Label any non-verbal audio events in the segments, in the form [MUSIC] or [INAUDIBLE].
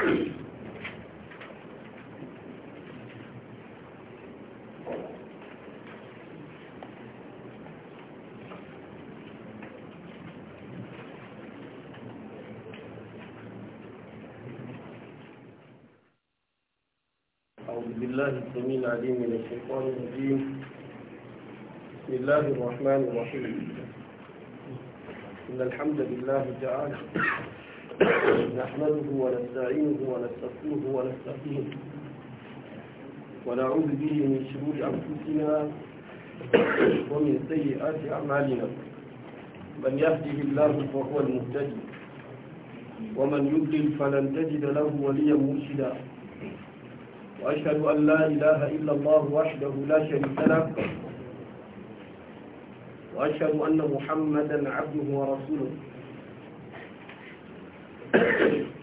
أعوذ بالله السميع العليم من الشيطان الرجيم بسم الله الرحمن الرحيم إن الحمد لله تعالى نحمده ونستعينه ونستغفره ونستهديه ونعوذ به من شرور أنفسنا ومن سيئات أعمالنا من يهده الله فهو المهتدي ومن يضلل فلن تجد له وليا مرشدا وأشهد أن لا إله إلا الله وحده لا شريك له وأشهد أن محمدا عبده ورسوله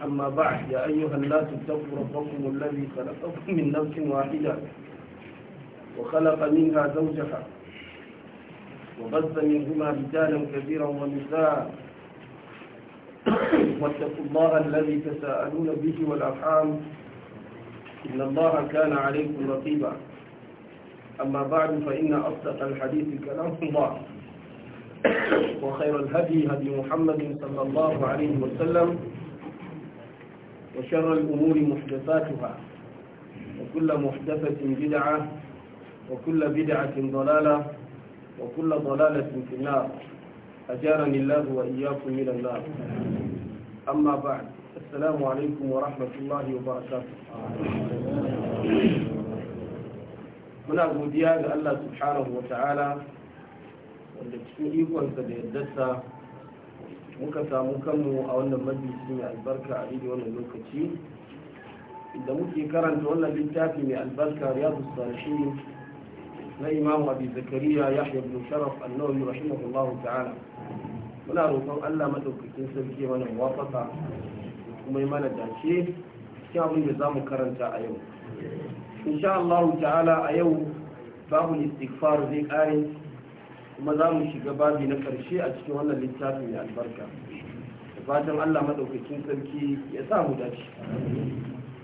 أما بعد يا أيها الناس اتقوا ربكم الذي خلقكم من نفس واحدة وخلق منها زوجها وبث منهما رجالا كثيرا ونساء واتقوا الله الذي تساءلون به والأرحام إن الله كان عليكم رقيبا أما بعد فإن أصدق الحديث كلام الله وخير الهدي هدي محمد صلى الله عليه وسلم وشر الأمور محدثاتها وكل محدثة بدعة وكل بدعة ضلالة وكل ضلالة في النار أجارني الله وإياكم من النار أما بعد السلام عليكم ورحمة الله وبركاته هنا godiya الله سبحانه وتعالى wa يكون wanda muka samu kanmu a wannan majalisi mai albarka a daidai wannan lokaci da muke karanta wannan littafi mai albarka ya salihin na imamu abi zakariya yahya ibn sharaf annawi rahimahullahu ta'ala muna roƙon Allah madaukakin sarki mana wafaka kuma mana dace cikin abin da zamu karanta a yau insha allahu ta'ala a yau babu istighfar zai kare kuma za mu shiga babi na karshe a cikin wannan littafin mai albarka da fatan allah maɗaukakin sarki ya sa mu dace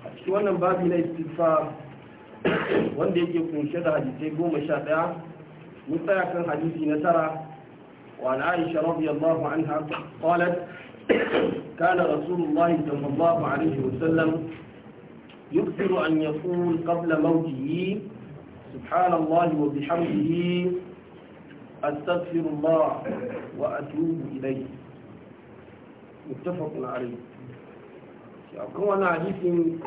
a cikin wannan babi na istifa wanda yake kunshe da hadisai goma sha ɗaya mun tsaya kan hadisi na tara وعن عائشة رضي الله عنها قالت da رسول الله wa sallam عليه an يكثر أن يقول قبل موته سبحان أستغفر الله وأتوب إليه متفق عليه كما حديث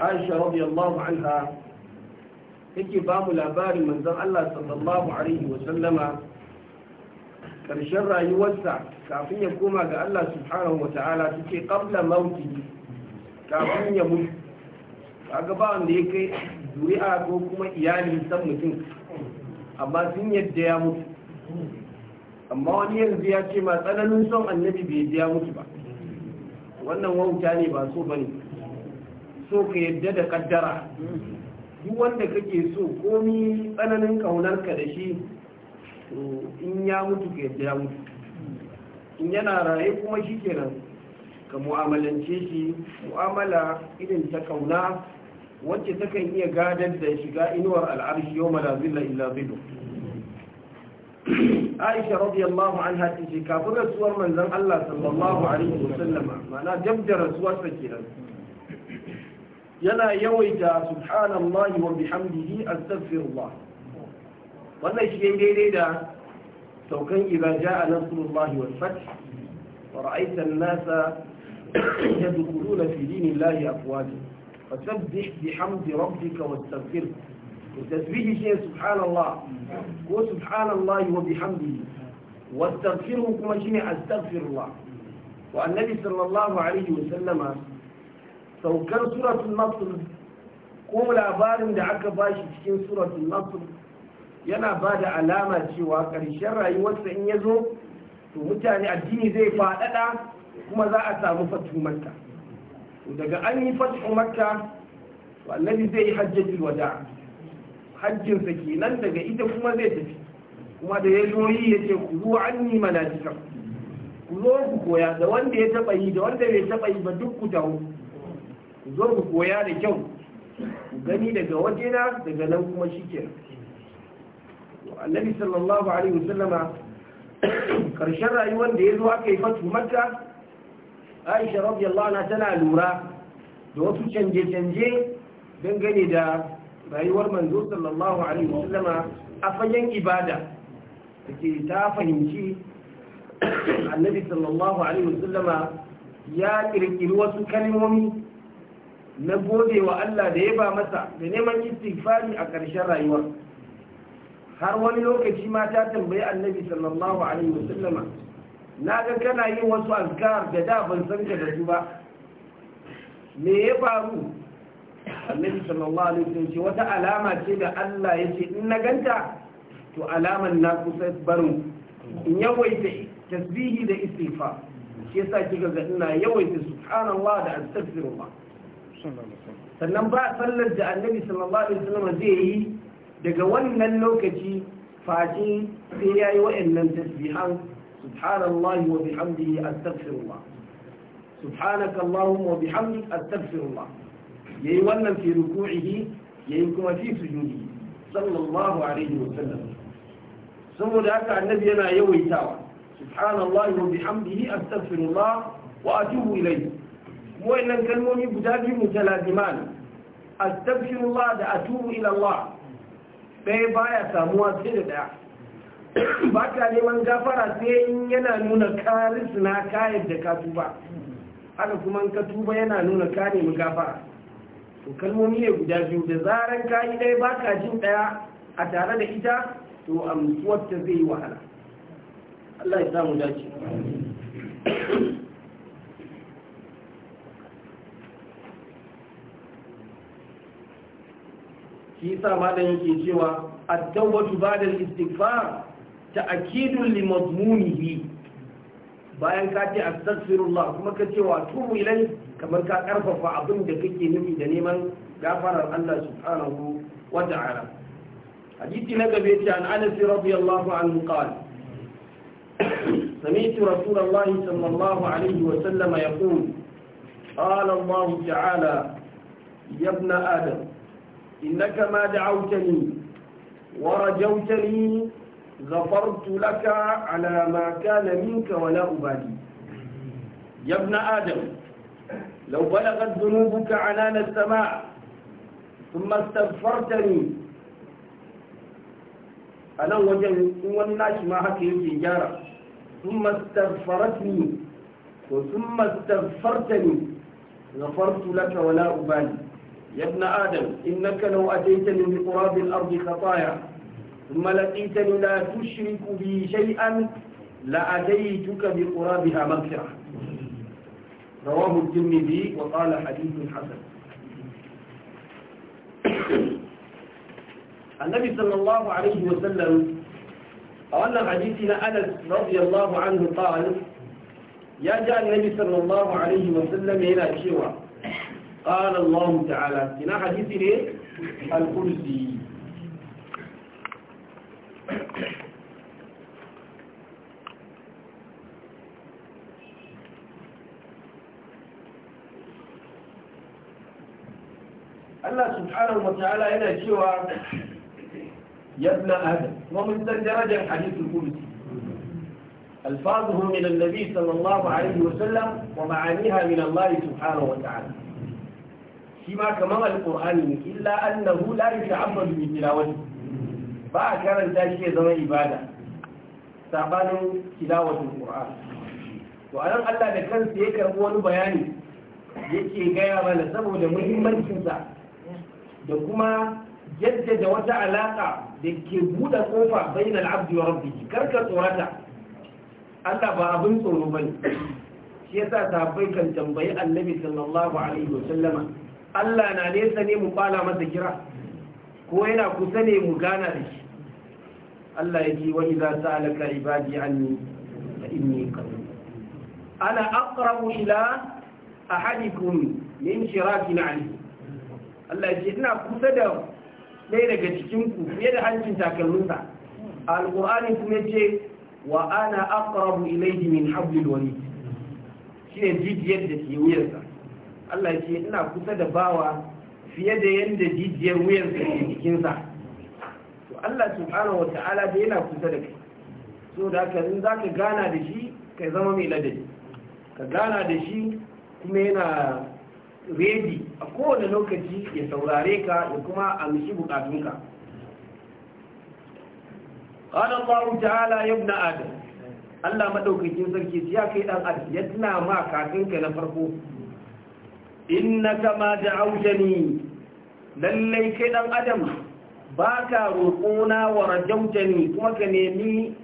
عائشة رضي الله عنها take باب الأبار labarin manzon Allah صلى الله wa sallama karshen rayuwarsa kafin ya koma ga Allah subhanahu wa ta'ala take qabla mauti kafin ya mutu ba wanda ya kai zuri'a ko kuma iyali san mutum amma sun yadda ya mutu amma wani yanzu ya ce ma tsananin son annabi bai yadda ya mutu ba wannan wauta ne ba so bane so ka yadda da kaddara duk wanda kake so komi tsananin kaunarka da shi in ya mutu ka yadda ya mutu in yana raye kuma shi kenan ka mu'amalance shi mu'amala irin ta kauna wacce takan iya gadar da shiga inuwar al'arshi yau malazilla illa zilu aisha radiyallahu anha ta ce kafin rasuwar manzon Allah sallallahu alaihi wasallama mana dab da rasuwarsa kenan yana yawaita subhanallahi wa bihamdihi astaghfirullah wannan shi daidai da saukan idza jaa nasrullahi wal fath wa ra'aita an-nasa yadkhuluna fi dinillahi afwaja fasabbih bihamdi rabbika wastaghfir tasbihi shi subhanallah ko subhanallah wa bihamdihi wastaghfiru kuma shine astaghfirullah wa annabi sallallahu alaihi wa sallama saukar suratul nasr ko labarin da aka bashi cikin suratul nasr yana ba da alama cewa ƙarshen rayuwarsa in ya zo to mutane addini zai faɗaɗa kuma za a samu fatu daga an yi fat'u makka to annabi zai yi hajjatul wada Hajjinsa ke nan daga ita kuma zai tafi kuma da ya zo ya ce ku zo an yi manajika ku zo ku koya da wanda ya taba yi da wanda bai taba yi ba duk ku tawo ku zo ku koya da kyau ku gani daga wajena daga nan kuma shi shikenan annabi sallallahu alaihi wasallama [COUGHS] karshen rayuwar da ya zo aka yi fatu makka aisha radiyallahu anha tana lura da wasu canje-canje dangane da rayuwar manzo sallallahu alaihi wasallama a fagen ibada take ta fahimci annabi sallallahu alaihi wasallama ya kirkiri wasu kalmomi na gode wa Allah da ya ba masa da neman istighfari a ƙarshen rayuwa har wani lokaci ma ta tambayi annabi sallallahu alaihi wasallama na ga kana yi wasu azkar da da ban san ka da su ba me ya faru annabi sallallahu alaihi wasallam ce wata alama ce da Allah ya ce in na ganta to alaman na kusa barin in yawaita tasbihi da istighfar shi yasa kika ga ina yawaita subhanallah da astaghfirullah sannan ba sallar da annabi sallallahu alaihi wasallam zai yi daga wannan lokaci faji sai yayi wa'annan tasbihan subhanallahi wa bihamdihi astaghfirullah subhanaka allahumma wa bihamdik wannan fi yayi kuma fi sujudi sallallahu alaihi wa sallam saboda haka annabi yana yawaitawa subhanallahi wa bihamdihi astaghfirullah wa atubu ilayhi wa'annan kalmomi guda biyu mutalaziman astaghfirullah da atubu ila Allah ɗaya baya samuwa sai da ɗaya ba ka neman gafara sai in yana nuna karis na kayan da ka tuba haka kuma ka tuba yana nuna ka nemi gafara to kalmomi ne guda biyu da zaran ka yi ɗaya ba ka jin ɗaya a tare da ita to amsuwar ta zai yi wahala Allah ya samu dace shi sa da yake cewa a tawbatu ba'da da istighfar ta'kidun li mazmunihi bayan ka ce astaghfirullah kuma ka ce wa turu ilai kamar ka karfafa abin da kake nufi da neman gafarar Allah subhanahu wa ta'ala hadisi na gabe ce an Anas radiyallahu anhu qala سمعت رسول الله صلى الله عليه وسلم يقول قال الله تعالى يا ابن آدم إنك ما دعوتني ورجوتني غفرت لك على ما كان منك ولا أبالي يا ابن آدم لو بلغت ذنوبك عنان السماء ثم استغفرتني أنا وجل والناس ما في جارة ثم استغفرتني وثم استغفرتني غفرت لك ولا أبالي يا ابن آدم إنك لو أتيتني بقراب الأرض خطايا ثم لقيتني لا تشرك بي شيئا لأتيتك بقرابها مغفرة رواه الترمذي وقال حديث حسن النبي صلى الله عليه وسلم قال حديثنا أنس رضي الله عنه قال يا جاء النبي صلى الله عليه وسلم إلى شوى قال الله تعالى هنا حديثه الكرسي Allah subhanahu wa ta'ala yana cewa yabna adam kuma mun san darajar hadithul qudsi alfazuhu min annabi sallallahu alaihi wa sallam wa ma'aniha min Allah subhanahu wa ta'ala shi ma kamar alqur'ani illa annahu la yata'abbadu bi tilawati ba a karanta shi ya zama ibada sabanin tilawatul qur'an to anan Allah da kansa ya karbi wani bayani yake gaya mana saboda muhimmancinsa da kuma jaddada wata alaka da ke buɗe kofa bainal abdi wa rabbihi karka tsorata Allah ba abin tsoro bane shi yasa sahabbai kan tambayi annabi sallallahu alaihi wa sallama Allah na nesa ne mu bala masa kira ko yana kusa ne mu gana da shi Allah ya ce wa idza sa'alaka ibadi anni fa inni qarib ana aqrabu ila ahadikum min shirakin alayhi Allah ce ina kusa da ɗaya daga cikinku fiye da hancin takalminsa alƙur'ani kuma ce wa ana aqrabu ilayhi min hablil wani shine jijiyar da ke wuyarsa Allah ce ina kusa da bawa fiye da yadda jijiyar wuyarsa ke jikinsa to Allah subhanahu wata'ala da yana kusa da kai so da haka in zaka gana da shi kai zama mai ladabi ka gana da shi kuma yana redi a kowane lokaci ya saurare ka da kuma amshi bukatunka قال الله تعالى يا ابن آدم Allah maɗaukakin sarki ya kai ɗan adam ya tuna ma kafin ka na farko innaka ma da'awtani lallai kai ɗan adam baka roƙona wa rajautani kuma ka nemi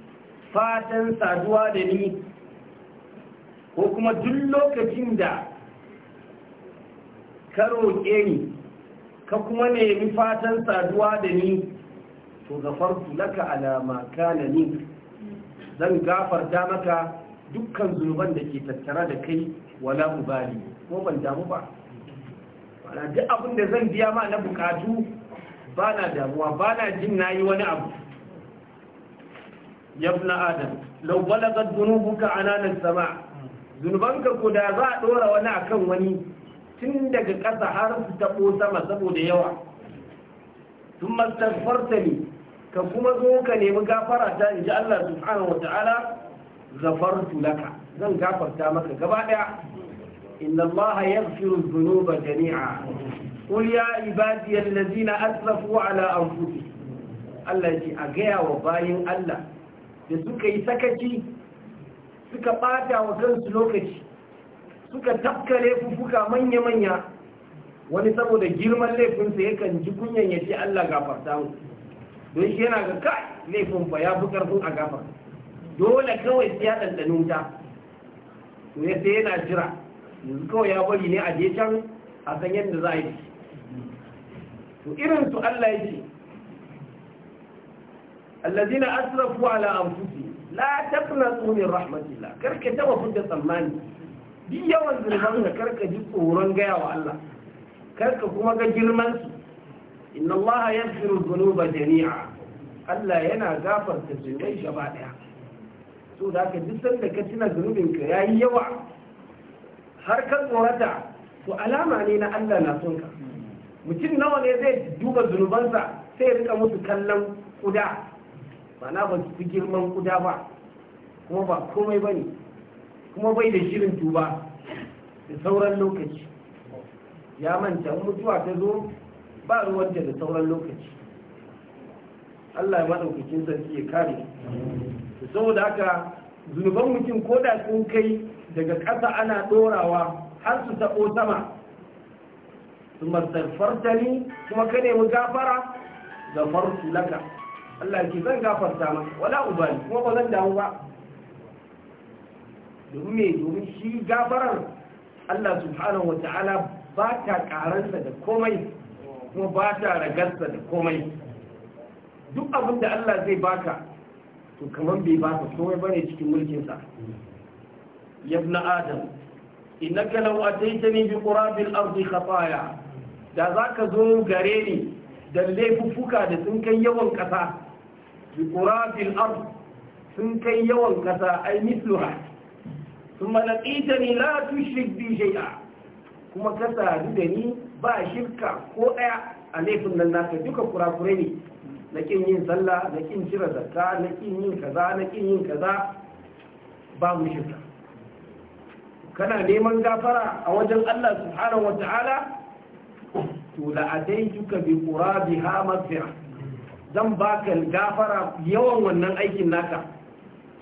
fatan saduwa da ni ko kuma duk lokacin da ka roƙe ni ka kuma nemi fatan saduwa da ni to gafartu laka alama kana ni zan gafarta maka dukkan zunuban da ke tattara da kai wala ubali ko ban damu ba wala duk abin da zan biya ma na bukatu ba na damuwa ba na jin na yi wani abu yabna adam law balagat a anana sama zunubanka ko da za a dora wani akan wani tun daga ƙasa har su taɓo sama saboda yawa sun mastafarta ne ka kuma zo ka nemi gafara ta in ji Allah subhanahu wa ta'ala zafartu laka zan gafarta maka gaba ɗaya inna Allah ya firu zunuba jami'a قل يا عبادي الذين أسرفوا على أنفسهم Allah ya ce a gaya wa bayan Allah da suka yi sakaci suka ɓata wa kansu lokaci suka tafka laifuka manya-manya wani saboda girman laifinsa yakan ji kunyan ya ce Allah gafarta mu don shi yana ga kai laifin fa ya fi karfin a gafar dole kawai siya ɗanɗanin ta to ya sai yana jira yanzu kawai ya bari ne a je can a san yadda za a yi to irin su Allah ya ce allazina asrafu ala anfusihim la taqnatu min rahmatillah karka taba fudda tsammani duk yawan zunuban ka karka ji tsoron gaya wa Allah karka kuma ga girman su inna Allah yaghfiru dhunuba jami'a Allah yana gafarta zunubai gaba daya so da ka duk sanda ka tuna zunubin ka yayi yawa har ka tsorata to alama ne na Allah na son ka mutum nawa ne zai duba zunubansa sai ya rika musu kallon kuda ba na ba su fi girman kuda ba kuma ba komai ba ne kuma bai da shirin tuba da sauran lokaci ya manta mutuwa ta zo ba ruwanta da sauran lokaci Allah ya maɗaukakin sarki ya kare da saboda haka zunuban mutum ko da sun kai daga ƙasa ana ɗorawa har su taɓo sama su masarfarta ni kuma ka nemi gafara gafartu laka Allah ke zan gafarta maka wala ubali kuma ba zan damu ba domin mai domin shi gafarar Allah subhanahu wa ta'ala ba ta karanta da komai kuma ba ta ragarsa da komai duk abin da Allah zai baka to kamar bai baka komai bane cikin mulkinsa yabna adam innaka law ataitani bi qurabil ardi khataya da zaka zo gare ni da laifuffuka da sun kai yawan kasa bi qurabil ardi sun kai yawan kasa ai misluha ثم لقيتني لا تشرك بي شيئا kuma كسر دني da ni ba shirka ko ɗaya a laifin nan لكن duka صلى ne na kin yin sallah na kin cire zakka na kin yin kaza na kin yin kaza وتعالى shirka kana neman gafara a wajen Allah subhanahu wata'ala to bi zan baka gafara yawan wannan aikin naka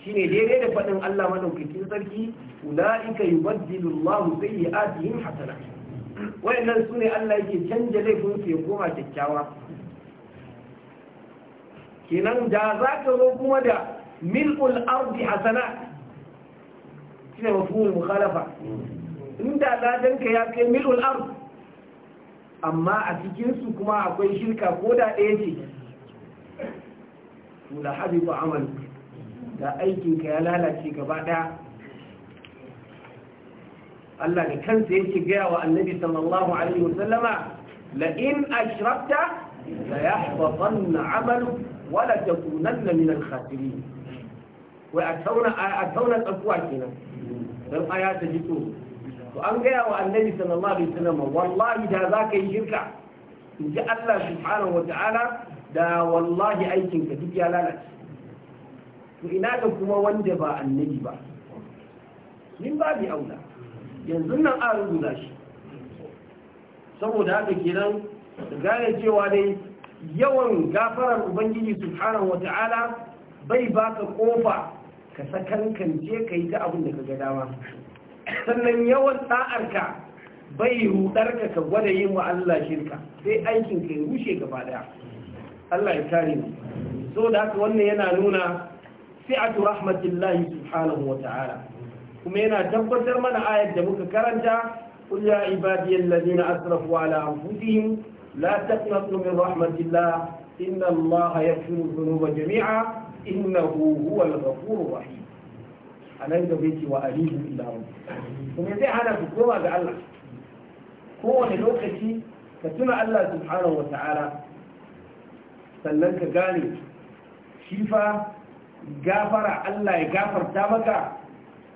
shine daidai da faɗin Allah madaukakin sarki ulaika yubaddilu Allahu sayyi'atihim hasanat wayannan sune Allah yake canja laifin su ya koma kyakkyawa kenan da za ka zo kuma da mil'ul ardi hasana shine mafhumul mukhalafa inda ladanka ya kai mil'ul ardi amma a cikinsu kuma akwai shirka ko da ɗaya ce to la amal da aikinka ya lalace gaba ɗaya Allah da kansa yake gaya wa annabi sallallahu alaihi wasallama la'in in ashrakta la yahbatanna amalu wa la takunanna min al-khasirin wai a tauna a tsakuwa kenan dan aya ta ji to an gaya wa annabi sallallahu alaihi wasallama wallahi da zaka yi shirka in ji Allah subhanahu wata'ala da wallahi aikinka duk ya lalace to ina da kuma wanda ba annabi ba min babi aula yanzu nan a rubuta shi saboda haka kenan gane cewa dai yawan gafarar ubangiji subhanahu wata'ala bai baka kofa ka sakankance ka yi ta abin da ka ga dama sannan yawan sa'ar ka bai rudar ka gwada yin wa Allah shirka sai aikin ka ya rushe gaba daya Allah ya kare mu so da haka wannan yana nuna si'atu rahmatillahi subhanahu wata'ala kuma yana tabbatar mana ayar da muka karanta qul ya ibadiyal ladina asrafu ala anfusihim la taqnatu min rahmatillah inna allaha yaghfiru dhunuba jami'a innahu huwal ghafurur rahim anan da bai ce wa alihu illa kuma zai hana su koma ga Allah kowane lokaci ka tuna Allah subhanahu wa ta'ala sannan ka gane shi fa gafara Allah ya ta maka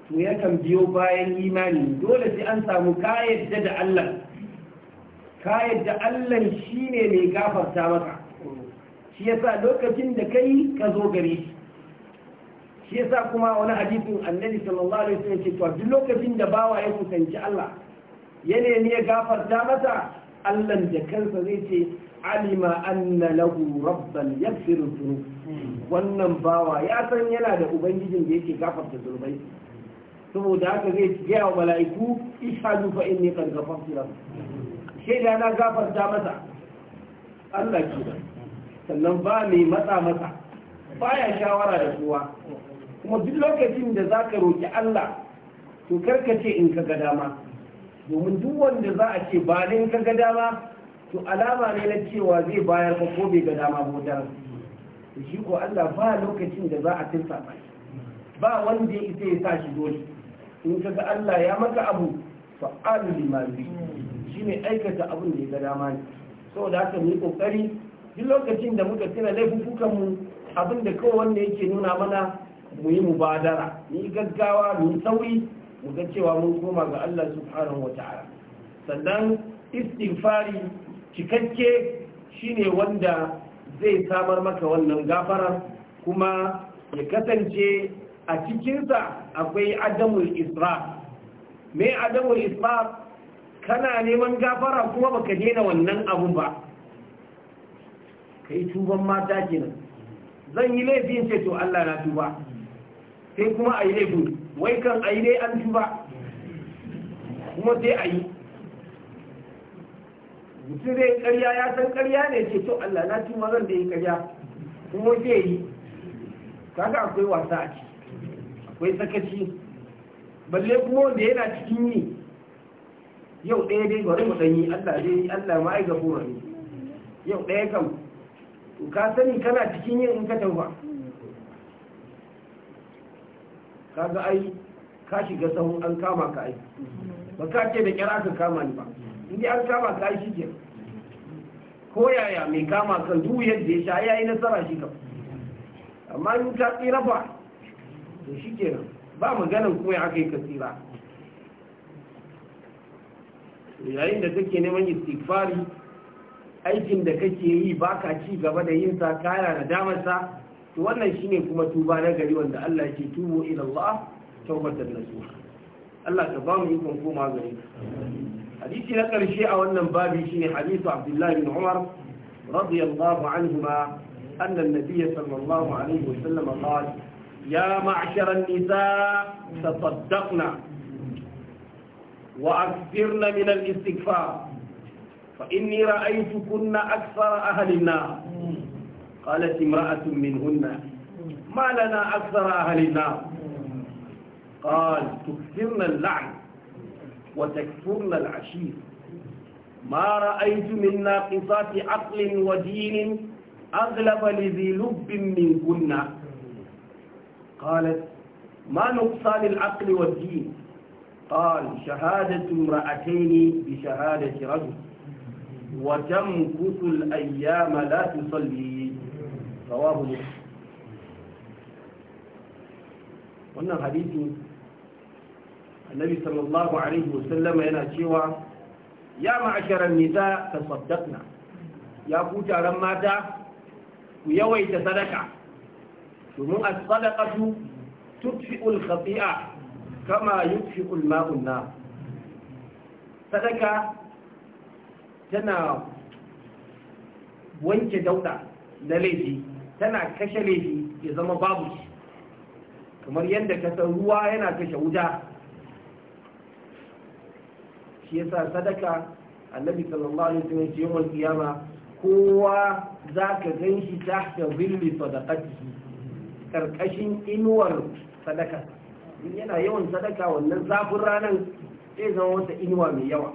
to yakan biyo bayan imani dole sai an samu ka yadda da Allah ka yadda Allah shine mai gafarta maka shi yasa lokacin da kai ka zo gare shi shi yasa kuma wani hadisin annabi sallallahu alaihi wasallam ce to duk lokacin da bawa ya kusanci Allah ya nemi ya gafarta masa Allah da kansa zai ce alima anna lahu rabban yaghfiru dhunub wannan bawa ya san yana da ubangijin da yake gafarta zunubai saboda haka zai gaya wa mala'iku ishadu fa inni qad ghafartu shi da na gafarta masa Allah ki da sannan ba mai matsa masa baya shawara da kowa kuma duk lokacin da zaka roki Allah to karkace in ka ga dama domin duk wanda za a ce ba in ka ga dama to alama ne na cewa zai bayar ka ko bai ga dama ba da. shi ko Allah ba lokacin da za a tinsa ba ba wanda ya isa ya sa shi dole in ka ga Allah ya maka abu fa'alu lima shine aikata abun da ya ga dama ne saboda haka mu yi kokari duk lokacin da muka tuna kukan mu abin da kawai wanda yake nuna mana mu yi mubadara mu yi gaggawa mu yi sauri mu ga cewa mun koma ga Allah subhanahu wata'ala sannan istighfari cikakke shine wanda zai samar maka wannan gafara kuma ya kasance a cikinsa akwai adamul Isra. mai adamul Isra kana neman gafara kuma baka daina wannan abu ba kai tuban mata kenan zan yi laifin ce to Allah na tuba sai kuma a yi laifin wai kan a yi dai an tuba kuma sai a yi mutum zai karya ya san karya ne ce to Allah na tuba zan da yi karya kuma sai yi kaga akwai wasa a ciki wai sakaci balle kuma wanda yana cikin yi yau ɗaya dai bari mu ɗanyi allah dai allah ma aiga fura ne yau ɗaya kam ka sani kana cikin yin in ka tafa ka ga ai ka shiga sahun an kama ka ai ba ka ce da kyar aka kama ni ba inda an kama ka ai shi ko yaya mai kama kan duk yadda ya sha yayi nasara shi kam amma in ka tsira ba to shi kenan ba maganin kuma ya aka yi kasira yayin da kake neman istighfari aikin da kake yi baka ci gaba da yin sa kaya da damar to wannan shine kuma tuba na gari wanda Allah ke tubo ila Allah tawbatan nasuha Allah ka ba mu ikon koma gare hadisi na karshe a wannan babi shine hadisi Abdullah bin Umar radiyallahu anhuma anna an sallallahu alaihi wasallam qala يا معشر النساء تصدقنا وأكثرن من الاستغفار فإني رأيتكن أكثر أهل النار قالت امرأة منهن ما لنا أكثر أهل النار قال تكثرن اللعن وتكفرن العشير ما رأيت من ناقصات عقل ودين أغلب لذي لب منكن قالت ما نقصان العقل والدين قال شهادة امرأتين بشهادة رجل وتمكث الأيام لا تصلي رواه مسلم قلنا حديث النبي صلى الله عليه وسلم هنا شوى يا معشر النساء تصدقنا يا فوت على ماذا ويويت صدقه domin a sadaqatu tufi'ul khati'a kama yudfi'ul ma'un na sadaka tana wanke dauda na laifi tana kashe laifi ya zama babu shi kamar yadda kasar ruwa yana kashe wuta shi yasa sadaka annabi sallallahu alaihi wasallam shi yawan kiyama kowa zaka ganshi tahta zilli sadaqatihi karkashin inuwar sadaka yana yawan sadaka wannan zafin ranar zai zama wata inuwa mai yawa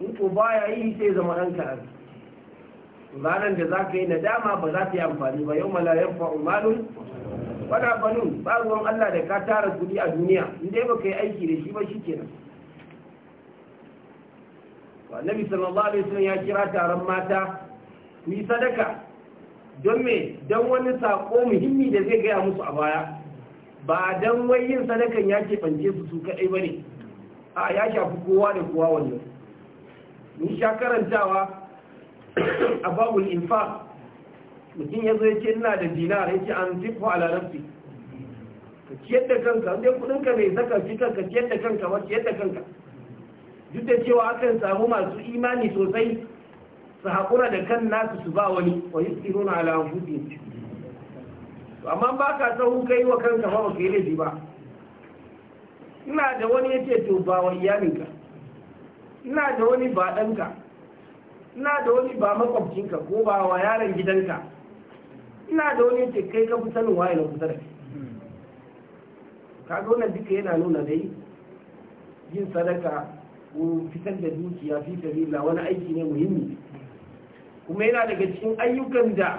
in ko baya yi sai zama ɗan karar ranar da za ka yi nadama ba za ta yi amfani ba yau malayar yan fa'umalun wada banun ba ruwan Allah da ka tara kudi a duniya inda dai baka yi aiki da shi ba shi kenan annabi sallallahu alaihi wasallam ya kira taron mata ku yi sadaka don me don wani sako muhimmi da zai gaya musu a baya ba don wai yin sadakan ya keɓance su su kaɗai ba ne a ya shafi kowa da kowa wannan ni sha karantawa a babul infa mutum ya zo ya ce ina da dinar ya ce an zifo ala nafsi ka ciyar da kanka kudin ka mai zaka fi kanka ciyar da kanka ba ciyar da kanka duk da cewa akan samu masu imani sosai su haƙura da kan nasu su ba wani wa tsiro na ala anfusihim amma ba ka sahu yi wa kanka ba ka yi laifi ba ina da wani ya ce to ba wa iyalinka ina da wani ba ɗanka ina da wani ba makwabcinka ko ba wa yaron gidanka ina da wani ya ce kai ka fi sanin waye na kusa da kai kaga wannan duka yana nuna dai yin sadaka ko fitar da dukiya fi sabila wani aiki ne muhimmi kuma yana daga cikin ayyukan da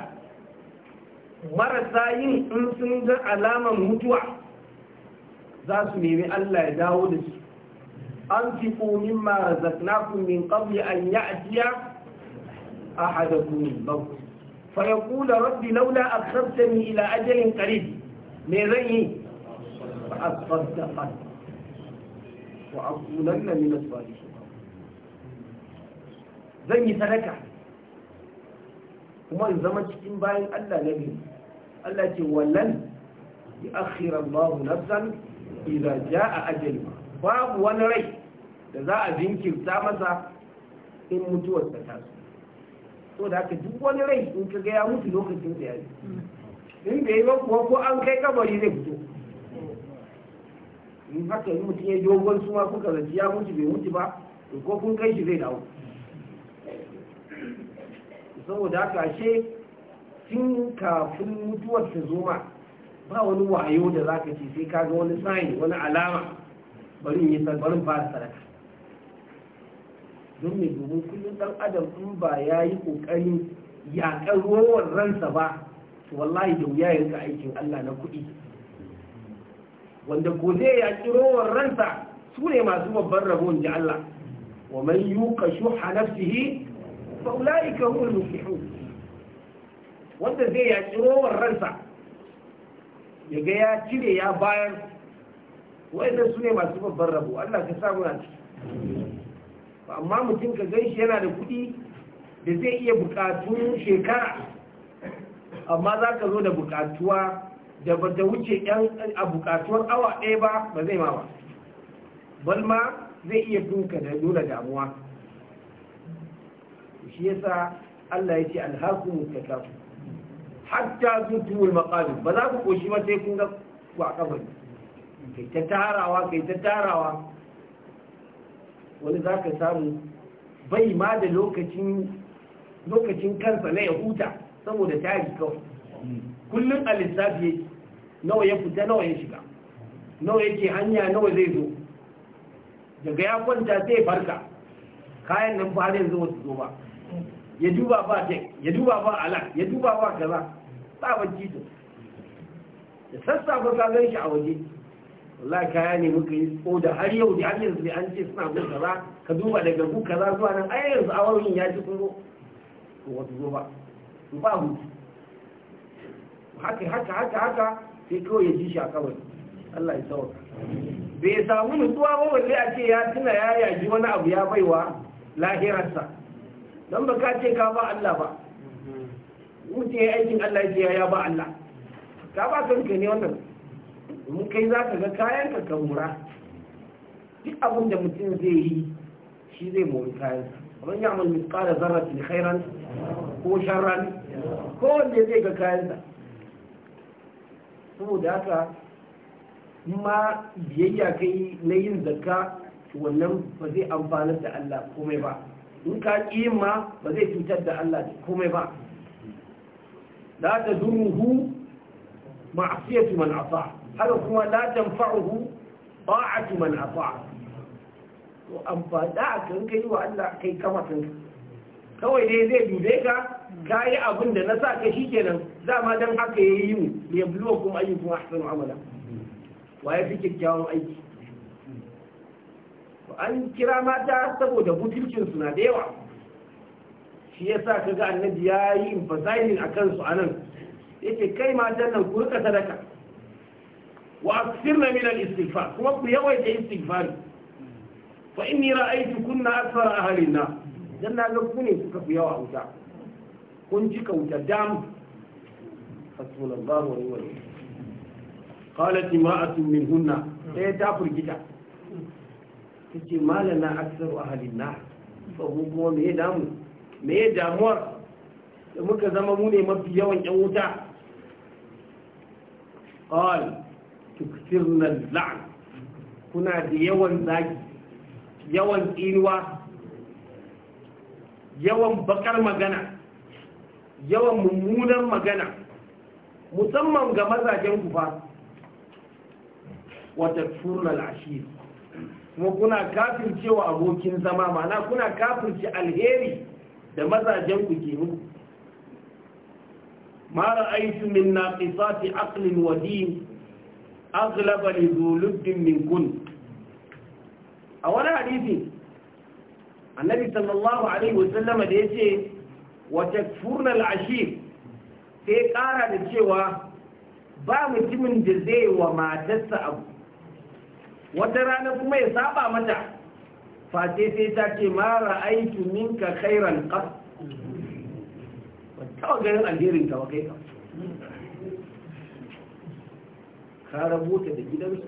marasa yin in sun ga alaman mutuwa za su nemi Allah ya dawo da su an fi komin mara zaknakun min ƙabli an yi ajiya a hadakunin bau fayaku kula, rabbi laula a tsabtani ila ajalin karib me zan yi ba a tsabta ba wa a kunan na minas ba zan yi sadaka kuma in zama cikin bayan Allah na biyu Allah ce wallan ya akhira Allah nafsan idza jaa ajal babu wani rai da za a jinkirta masa in mutuwar ta taso to da haka duk wani rai in ka ga ya mutu lokacin da ya yi in bai yi ba kuwa ko an kai kabari zai fito in haka in mutum ya dogon suma kuka zaci ya mutu bai mutu ba ko kun kai shi zai dawo saboda haka ashe tun kafin mutuwar ta zo ba wani wayo da za ka ce sai ka ga wani sign wani alama bari yi barin fara sadaka don mai domin kullum dan adam in ba ya yi kokarin yaƙar rowar ransa ba to wallahi da wuya yanka aikin Allah na kuɗi wanda ko zai yaƙi rowar ransa su ne masu babban rabon ji Allah wa man shu shuha nafsihi fa ulaika humul wanda zai yaƙi rowar ransa ya ga ya cire ya bayar wa'annan su ne masu babban rabo Allah ka samu na ciki amma mutum ka gan shi yana da kuɗi da zai iya bukatun shekara amma za ka zo da buƙatuwa da ba da wuce yan a bukatuwar awa ɗaya ba ba zai ma ba balma zai iya dunka da nuna damuwa shi yasa Allah ya ce alhakum takafu hatta zutumul maqabir ba za ku koshi ba sai kun ga ku a kabari kai ta tarawa kai ta tarawa wani za ka samu bai ma da lokacin lokacin kansa na ya huta saboda tari kawai kullum a lissafi nawa ya fita nawa ya shiga nawa yake hanya nawa zai zo daga ya kwanta sai farka kayan nan ba yanzu su zo ba ya duba ba dek ya duba ba alak ya duba ba kaza sabon tito da sassafe ka gan shi a waje wallahi kaya ne muka yi da har yau da har yanzu an ce suna bin kaza ka duba daga ku kaza zuwa nan ai yanzu wurin ya ci kuma ko wasu zo ba ba hutu haka haka haka haka sai kawai ya ji shi a kawai Allah ya sauka bai samu nutsuwa ba wallahi a ce ya tuna ya yaji wani abu ya baiwa lahirarsa don ba ka ce ka ba Allah ba mutum ya aikin Allah ya ya ba Allah ka ba kanka ne wannan mun kai za ka ga kayan ka ka mura duk abin da mutum zai yi shi zai mori kayan kamar ya amal misqala zarratin khairan ko sharran ko wanda zai ga kayan sa saboda haka ma biyayya kai na yin zakka wannan ba zai amfanar da Allah komai ba in ka ƙi ma ba zai cutar da Allah komai ba la ta duruhu ma'asiyatu man afa haka kuma la fa'uhu ta'atu man afa to amfada kan kai wa Allah kai kama kan kawai dai zai dube ka kayi abin da na sa ka shikenan dama dan haka yayi mu ya bluwa kuma ayyukum ahsanu amala wa ya fi kyakkyawan aiki an kira mata saboda butulcinsu na da yawa shi ya sa kaga annabi ya yi emphasizing a kansu a nan ya ce kai matan nan ku rika sadaka wa aksir na minan istighfar kuma ku yawaita istighfari fa inni ra'aytu kunna akthar halin na dan na ga ku ne kuka fi yawa wuta kun ji wuta dam hasbunallahu wa qalat imra'atun minhunna sai ta furgita ta ce malana aksaru ahalin na sabu kuma me damu me damuwar da muka zama mu ne mafi yawan yan wuta qal tuktirna al-la'n kuna da yawan zaki, yawan tsinuwa yawan bakar magana yawan mummunan magana musamman ga mazajen ku fa wata turnal ashir kuma kuna cewa abokin zama mana kuna kafirce alheri da mazajen ku ke muku ma ra'aytu min naqisati aqlin wa din aghlaba li dhuluddin min kun a wani hadisi annabi sallallahu alaihi da yace wa takfurna al-ashir sai kara da cewa ba mutumin da zai wa matarsa abu wata rana kuma ya saba mata face sai ta ce ma ra'aitu minka khairan qat ta ganin alherin ta wakai ka ka rabota da gidansu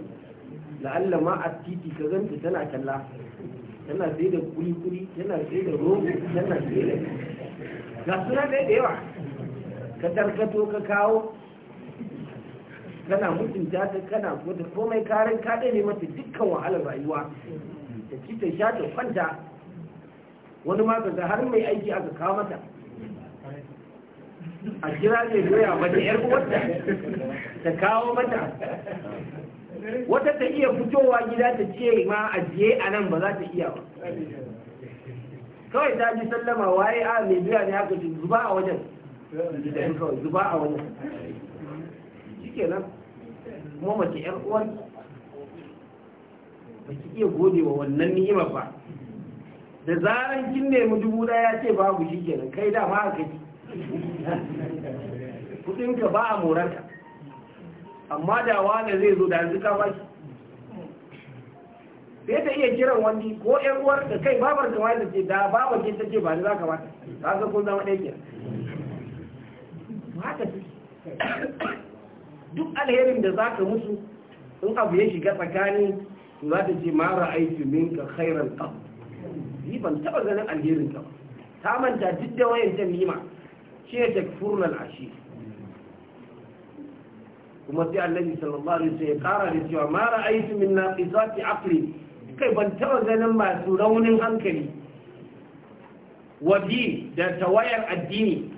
la'alla ma a titi ka ganta tana talla tana sai da kuli tana sai da rogo tana sai da ga suna da yawa ka tarkato ka kawo kana mutunta ta kana mata komai karin ka ne mata dukkan wahalar rayuwa ta ci ta sha ta kwanta wani ma ga har mai aiki aka kawo mata a jira ne doya mata yar uwarta ta kawo mata wata ta iya fitowa gida ta ce ma ajiye a nan ba za ta iya ba kawai ta ji sallama waye a mai biya ne haka zuba a wajen zuba a wajen kenan kuma mace yar uwar ba ki iya gode wa wannan ni'ima ba da zaran kin nemi dubu ya ce babu kenan kai da ma ka ji kudin ka ba a ka amma da wani zai zo da zuka ba shi sai ta iya kiran wani ko ƴan uwar da kai babar ta wani ce da babar ce ta ce ba ni za ka ta za ka kun zama ɗaya kenan haka duk alherin da za ka musu in abu ya shiga tsakani to za ta ce ma ra'aytu ka khairan ka yi ban taɓa ganin alherin ka ba ta manta duk da wayan ta nima ce ne takfurun al'ashi kuma sai annabi sallallahu alaihi wasallam ya kara da cewa mara ra'aytu min naqisati aqli kai ban taɓa ganin masu raunin hankali wadi da tawayar addini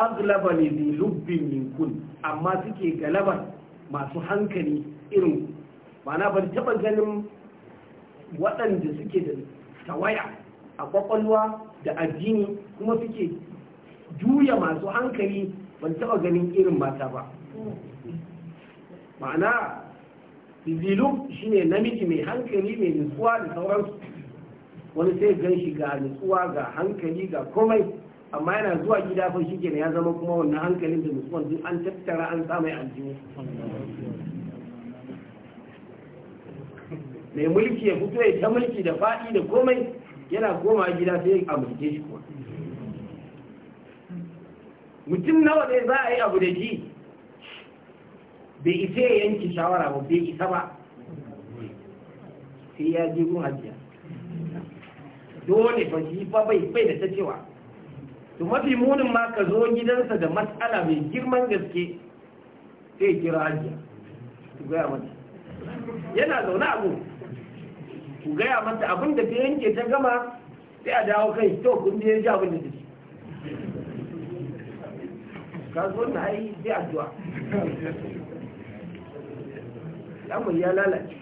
aglaba ne bi lubbin yankun amma suke galabar masu hankali irin mana ban taɓa ganin waɗanda suke da tawaya a kwakwalwa da addini kuma suke juya masu hankali ban taɓa ganin irin mata ba ma'ana zilu shine namiji mai hankali mai nutsuwa da sauransu wani sai gan shi ga nutsuwa ga hankali ga komai amma yana zuwa gida fa shi kenan ya zama kuma wannan hankalin da musamman duk an tattara an sa mai aljihu mai mulki ya fito ya ta mulki da faɗi da komai yana koma gida sai a mulke shi kuma mutum nawa ne za a yi abu da shi bai isa ya yanki shawara ba bai isa ba sai ya je gun hajiya dole fa shi fa bai bai da ta cewa to mafi munin ma ka zo gidansa da matsala mai girman gaske sai kira hajji ku gaya mata yana zaune abu ku gaya mata abin da ta yanke ta gama sai a dawo kai to kun je ji abin da ta ce ka zo na ai sai addu'a al'amur ya lalace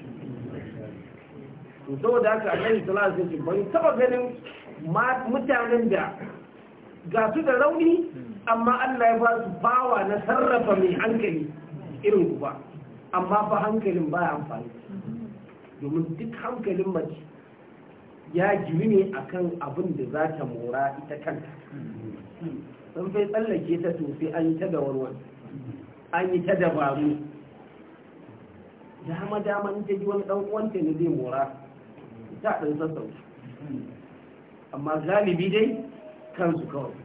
to saboda haka annabi sallallahu alaihi wasallam ban taba ganin mutanen da ga su da rauni amma Allah ya ba su bawa na sarrafa mai hankali irin ku ba amma ba hankalin ba ya amfani domin duk hankalin mace ya jiri ne akan abin da za ta mora ita kanta sun fai tsallake ta sosai an yi ta da warwar an yi ta dabaru dama dama ta ji wani dan uwanta ne zai mora ta ɗan sassauta amma galibi dai kansu kawai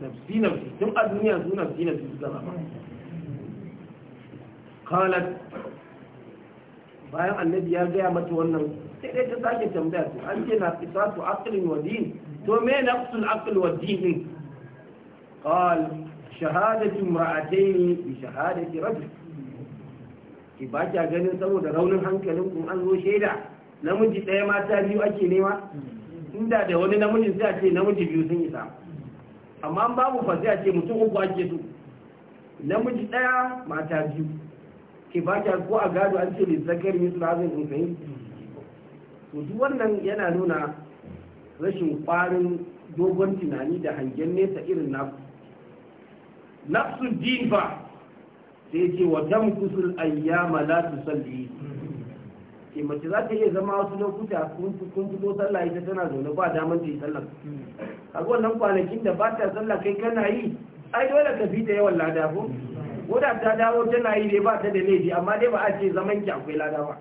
nafsi nafsi tun a duniya su nafsi nafsi su zama kalat bayan annabi ya gaya mata wannan sai dai ta sake tambaya su an ce na su aqlin wa din to me nafsul aql wa din qal shahadatu ne bi shahadati rajul ki ba kya ganin saboda raunin hankalin kun an zo shaida namiji ɗaya mata biyu ake nema inda da wani namijin sai a ce namiji biyu sun isa amma babu fa sai a ce mutum uku ake so namiji ɗaya mata biyu ke ba ta ko a gado an ce lizzakar misu razin unsayi to duk wannan yana nuna rashin kwarin dogon tunani da hangen nesa irin naku nafsu din fa sai ce wa damkusul kusul ayyama la tusalli ke eh, mace za ta iya zama wasu lokuta kun fito sallah ita tana zaune ba damar ta yi sallah kaga wannan kwanakin da ba ta sallah kai kana yi ai dole ka fi ta yawan lada ko ko da ta dawo tana yi ne ba ta da laifi amma dai ba a ce zaman ki akwai lada ba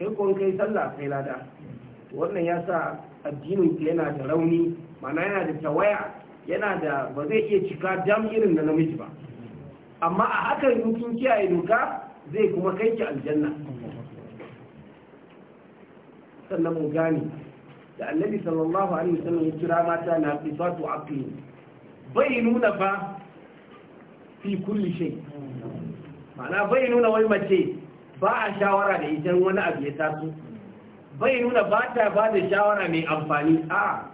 kai ko kai sallah akwai lada wannan ya sa addinin ki yana da rauni mana yana da tawaya yana da ba zai iya cika dam irin da namiji ba amma a hakan in kin kiyaye doka zai kuma kai ki aljanna sannan mu gani da annabi sallallahu alaihi wasallam ya kira mata na sifatu aqli bai nuna fa fi kulli shay ma'ana bai nuna wai mace ba a shawara da idan wani abu ya taso bai nuna ba ta ba da shawara mai amfani a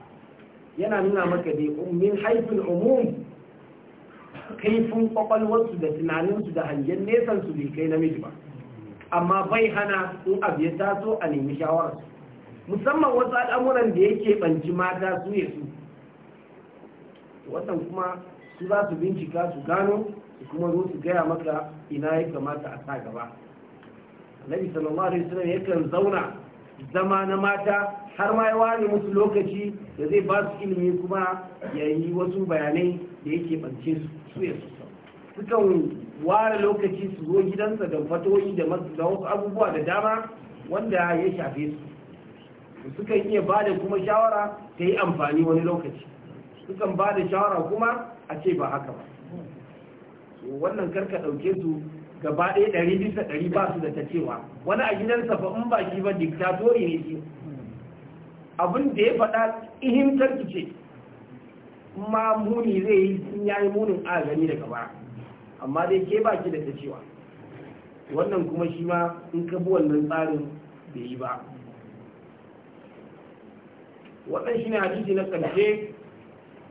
yana nuna maka dai ummin haifin umum kaifin kwakwalwarsu da tunaninsu da hangen nesansu bai kai namiji ba amma bai hana in abu ya taso a nemi shawararsu musamman wasu al'amuran da yake banci mata su ne su wannan kuma su za su bincika su gano su kuma zo su gaya maka ina ya kamata a sa gaba annabi sallallahu alaihi wasallam yakan zauna zama na mata har ma ya ware musu lokaci da zai ba su ilimi kuma ya yi wasu bayanai da yake bance su ya su sukan ware lokaci su zo gidansa da fatoyi da wasu abubuwa da dama wanda ya shafe su sukan iya ba da kuma shawara ta yi amfani wani lokaci sukan ba da shawara kuma a ce ba haka ba wannan karka ɗauke su gaba ɗaya ɗari bisa ɗari ba su da ta cewa wani a gidansa fa in ba shi ba diktatori ne shi abin da ya faɗa ihin ki ce ma muni zai yi sun yayi munin agani daga gaba, amma dai ke ba ki da ta cewa wannan kuma shi ma in ka bi wannan tsarin bai yi ba wannan shine hadisi na karshe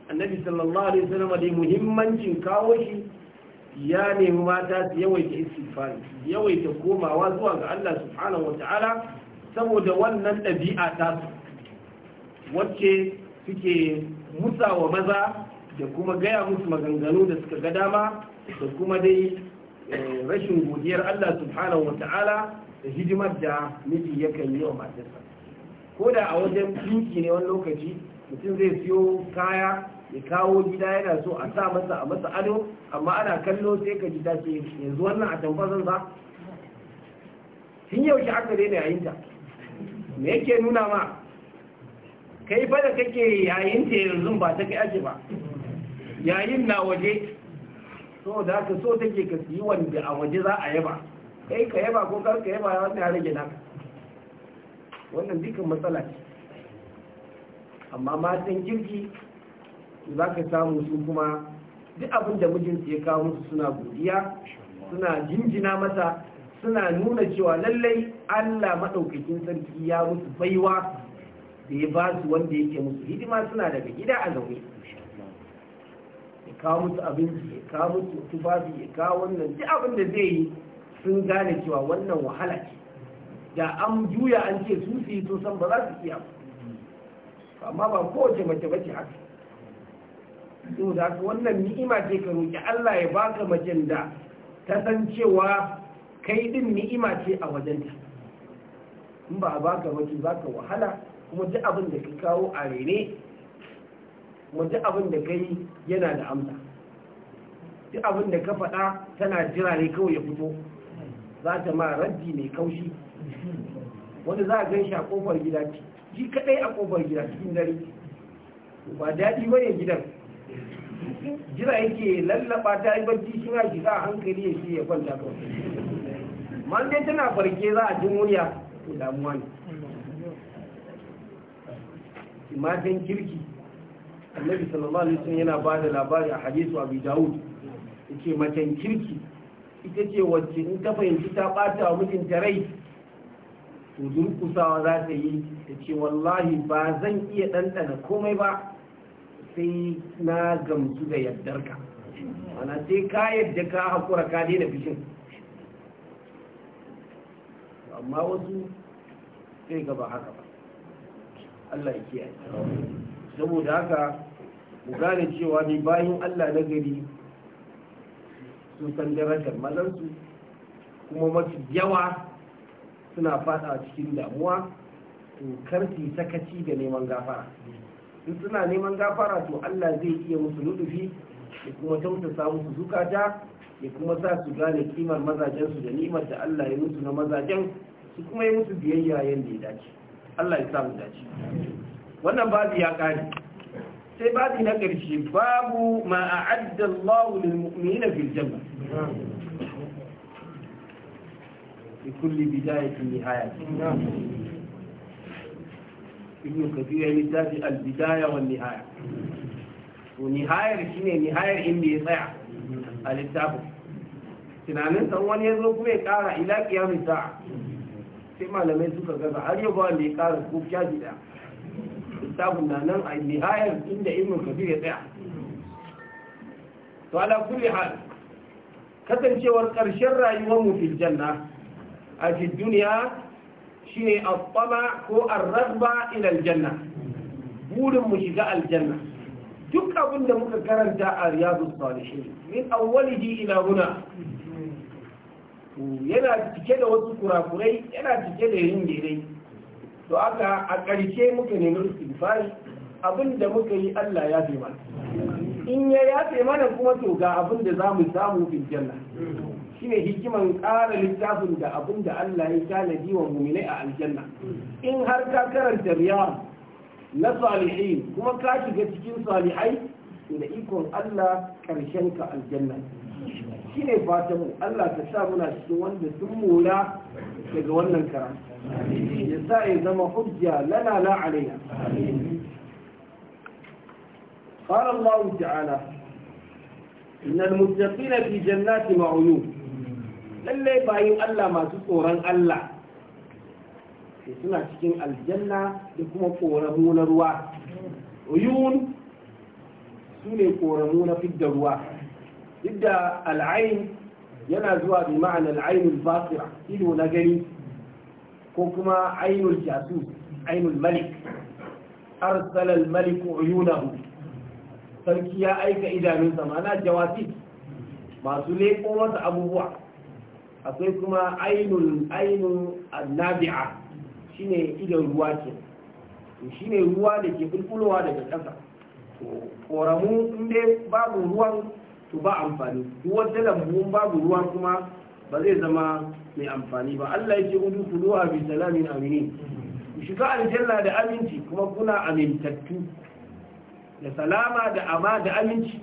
annabi sallallahu alaihi wasallam da muhimmancin kawo shi ya nemi mata su yawaita istighfari yawaita komawa zuwa ga Allah subhanahu wataala saboda wannan ɗabi'a ta su wacce suke musa wa maza da kuma gaya musu maganganu da suka ga dama da kuma dai eh, rashin godiyar Allah subhanahu wataala da hidimar da miji yakan yi wa matarsa ko da a wajen duki ne wani lokaci mutum zai siyo kaya ya kawo gida yana so a sa masa a masa ado amma ana kallo sai ka ji tashi yanzu wannan a tamfasan sa Sun yaushe aka daina yayin ta me yake nuna ma kai fa da kake yayin ta yanzu ba ta kai ake ba yayin na waje so da ka so take ka siyi wanda a waje za a yaba kai ka yaba ko kar ka yaba wannan ya rage naka wannan dukkan matsala ce amma matan kirki za ka samu su kuma duk abin da mijinsu ya kawo musu suna godiya suna jinjina mata suna nuna cewa lallai allah maɗaukakin sarki ya musu baiwa da ya ba su wanda yake musu hidima suna daga gida a zaune ya kawo musu abinci ya kawo musu tufafi ya kawo wannan duk abin da zai yi sun gane cewa wannan wahala ce da an juya an ce su su yi san ba za su iya amma ba kowace mace ce haka so da haka wannan ni'ima ce ka roƙi Allah ya baka macen da ta san cewa kai din ni'ima ce a wajenta in ba a baka mace za ka wahala kuma duk abin da ka kawo a rene kuma duk abin da kai yana da amsa duk abin da ka faɗa tana jira ne kawai ya fito za ta ma raddi mai kaushi wanda za a gan shi a kofar gida ce ji kadai a kofar gida cikin dare ba daɗi ba ne gidan jira yake lallaba ta yi bacci shi na za a hankali ya shi ya kwanta ba ma dai tana farke za a ji murya ko damuwa ne imajin kirki annabi sallallahu alaihi wasallam yana ba da labari a hadisu abi daud yace macen kirki ita ce wacce in ta fahimci ta bata wa mijinta rai to durkusawa za ta yi ta ce wallahi ba zan iya ɗanɗana komai ba sai na gamsu da yardarka ana sai ka yadda ka haƙura ka daina fishin amma wasu sai gaba haka ba Allah ya kiyaye saboda haka ku gane cewa ne bayan Allah na gari sun san darajar malansu kuma mafi yawa suna fada cikin damuwa to karfi sakaci da neman gafara in suna neman gafara to Allah zai iya musu ludufi ya kuma tausasa musu zukata ya kuma sa su gane kimar su da nimar da Allah ya musu na mazajen su kuma yi musu biyayya yanda ya dace Allah ya samu dace wannan babu ya kare sai babu na karshe babu ma a'adda Allah lil mu'minina fil janna لكل بداية نهاية ابن كثير يتابع البداية والنهاية ونهاية شنو نهاية إن يطيع الكتاب tunanin san wani ya zo kuma ya kara ila kiyamin sa'a sai malamai suka gaza har yau ba wanda ya ko shafi da littafin na nan a nihayar inda ibn kabir ya tsaya to ala kasancewar karshen rayuwar mu fil janna a duniya shi ne asfama ko arraba ila aljanna burin mu shiga aljanna duk abin da muka karanta a riyadu salihin min awwalihi ila huna yana cike da wasu kurakurai yana cike da yin gere to aka a ƙarshe muka nemi istighfari abin da muka yi Allah ya fi mana in ya yafe mana kuma to ga abin da za mu samu fil janna shine hikiman ƙara littafin da abin da Allah ya tanadi wa muminai a aljanna in har ka karanta riya na salihin kuma ka shiga cikin salihai da ikon Allah karshen ka aljanna shine fatan mu Allah ta sa muna cikin wanda sun mora daga wannan kara ya sa ya zama hujja lana la alaina قال الله تعالى إن المتقين في جنات وعيون lallai bayin Allah masu tsoron Allah suna cikin aljanna da kuma koramu na ruwa uyun su ne koramu na fidda ruwa duk da al'ain yana zuwa bi ma'ana al'ainul basira ido na gani ko kuma ainul jasus ainul malik arsalal malik uyunahu sarki ya aika idanunsa zamana jawasi masu leƙo masa abubuwa akwai kuma ainihin Anabi'a annabi'a shine idan ruwa ke shi shine ruwa da ke bulbulowa daga ƙasa ƙoramu inda babu ruwan to ba amfani ruwan da lambun babu ruwa kuma ba zai zama mai amfani ba Allah ya ce ku kuluha bi salamin amini ku shiga aljanna da aminci kuma kuna amintattu da salama da ama da aminci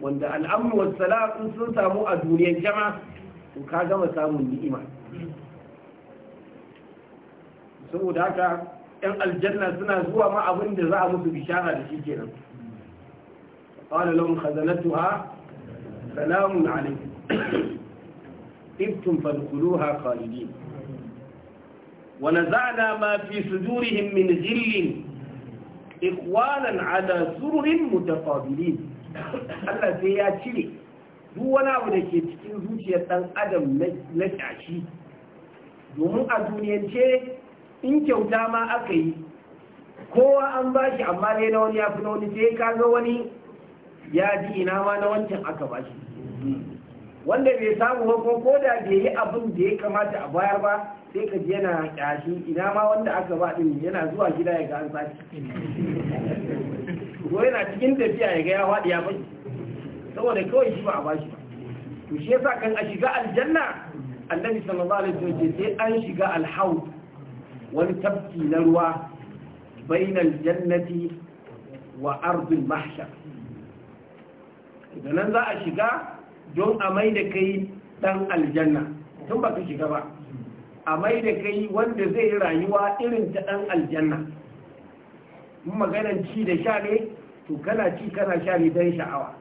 wanda al'amu wasu sun samu a duniyar jama'a to ka gama samun ni'ima saboda haka yan aljanna suna zuwa ma abin da za a musu bishara da shi kenan qala lahum khazanatuha salamun alaykum tibtum fadkhuluha khalidin wa naza'na ma fi sudurihim min ghillin ikhwanan ala sururin mutaqabilin Allah sai ya cire duk wani abu da ke cikin zuciyar ɗan adam na ƙyashi domin a duniyance in kyauta ma aka yi kowa an ba shi amma ne na wani ya fi na wani sai ka ga wani ya ji ina ma na wancan aka ba shi wanda bai samu ba ko da bai yi abin da ya kamata a bayar ba sai ka ji yana ƙyashi ina ma wanda aka ba din yana zuwa gida ya ga an sashi ko yana cikin tafiya ya ga ya faɗi ya bai saboda kawai shi ba a bashi to shi yasa kan a shiga aljanna annabi sallallahu alaihi wasallam sai an shiga alhaw wani tafki na ruwa bainal jannati wa ardul mahshar idan nan za a shiga don a mai da kai dan aljanna tun ba ka shiga ba a mai da kai wanda zai yi rayuwa irin ta dan aljanna in maganan ci da sha ne to kana ci kana sha ne dan sha'awa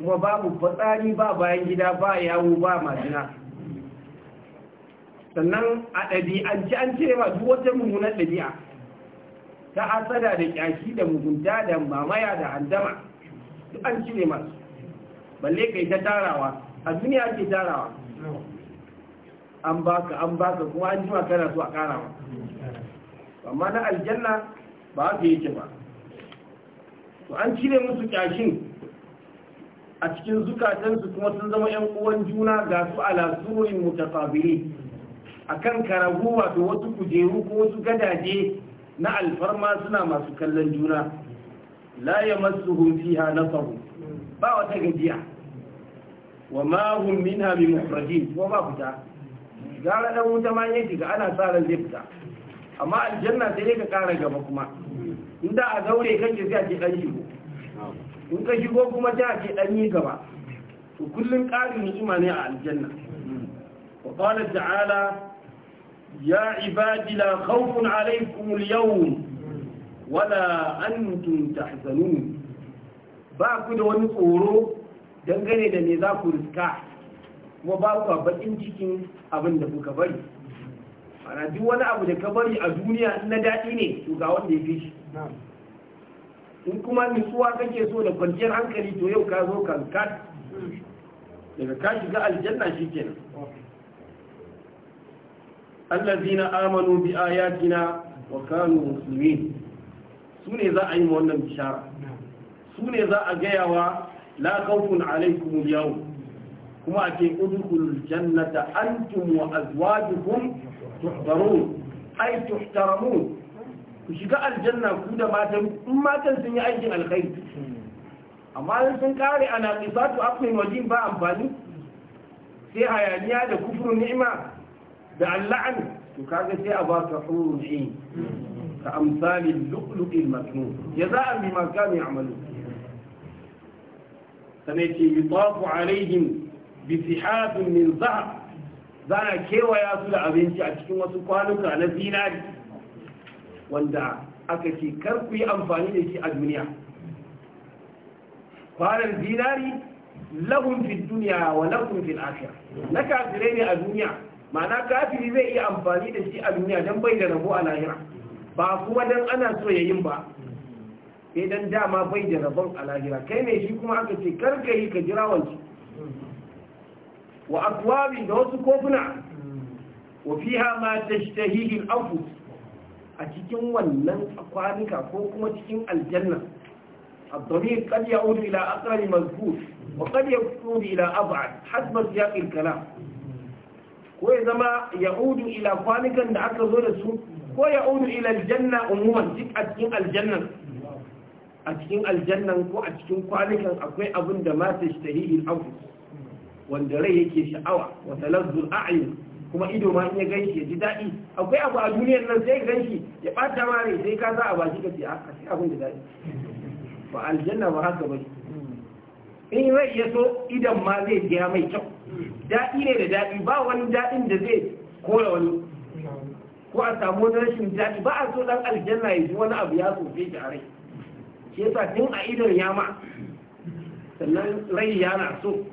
kuma babu fatsari ba bayan gida ba yawo ba majina sannan a ɗabi'ance an cire ba duk wata mummunan ɗabi'a ta asada da ƙyashi da mugunta da mamaya da handama duk an cire masu balle kai ta tarawa a duniya ke tarawa an baka an baka kuma an jima kana so a karawa amma na aljanna ba haka yake ba to an cire musu ƙyashin a cikin zukatansu kuma sun zama ‘yan uwan juna ga su alasurin mutakabili a kan karagu wato wasu kujeru ko wasu gadaje na alfarma suna masu kallon juna la ya masu ha na faru ba wata gajiya wa mahun min min mufraji kuma ba fita gara ɗan wuta ma ya shiga ana sa ran zai fita amma aljanna sai dai ka kara gaba kuma inda a zaure kake sai a ke ɗan shigo in ka shigo kuma ta ce dan yi gaba to kullun ƙarin ni'ima ne a aljanna wa qala ta'ala ya ibadi la khawfun alaykum al-yawm wala antum tahzanun ba ku da wani tsoro dangane da me za ku riska kuma ba ku bakin cikin abin da kuka bari ana duk wani abu da ka bari a duniya na daɗi ne to ga wanda ya fi shi in kuma nutsuwa kake so da kwanciyar hankali to yau ka zo kankan daga ka shiga aljanna shi kenan allazina amanu bi ayatina wa kanu muslimin su ne za a yi wannan bishara su ne za a gayawa la khawfun alaikum yau kuma ake udkhul jannata antum wa azwajukum tuhbarun ay tuhtaramun ku shiga aljanna ku da matan in matan sun yi aikin alkhairi amma in sun kare ana qisatu aqmin wajin ba amfani sai hayaniya da kufru ni'ima da al'an to kaga sai a ba ka hurun shi ka ya za a jaza'an bima kanu ya'malu sanai ce yutafu alaihim bi sihatun min zahab za a kewaya su da abinci a cikin wasu kwanuka na zinari wanda aka ce kar ku yi amfani da shi a duniya kwanan zinari lahun fil duniya wa lahun fil na kafirai ne a duniya ma'ana kafiri zai iya amfani da shi a duniya don bai da rabo a lahira ba kuma don ana so ya yin ba sai don dama bai da rabon a lahira kai ne shi kuma aka ce karka yi ka jira wanci wa akwabi da wasu kofuna wa fiha ma tashtahihi al-anfus a cikin wannan kwanuka ko kuma cikin aljanna udu ila قد يعود wa أقرب مذكور udu ila إلى أبعد حسب سياق الكلام ko ya zama ya udu ila kwanukan da aka zo da su ko ya udu ila aljanna umuman duk a cikin aljanna a cikin aljannan ko a cikin kwanukan akwai abin da ma ta shi wanda rai yake sha'awa wa lazzul a'ayin kuma ido ma in ya ganshi ya ji daɗi akwai abu a duniyar nan sai ganshi ya ɓata ma rai sai ka za a baki ka ce ah, a sai abin da daɗi ba aljanna ba haka ba in rai ya so idan ma zai biya mai kyau daɗi ne da daɗi ba wani daɗin da zai kora wani ko a samu wani rashin daɗi ba a so ɗan aljanna ya ji wani abu ya sofe shi a rai shi yasa tun a idon ya ma sannan rai yana so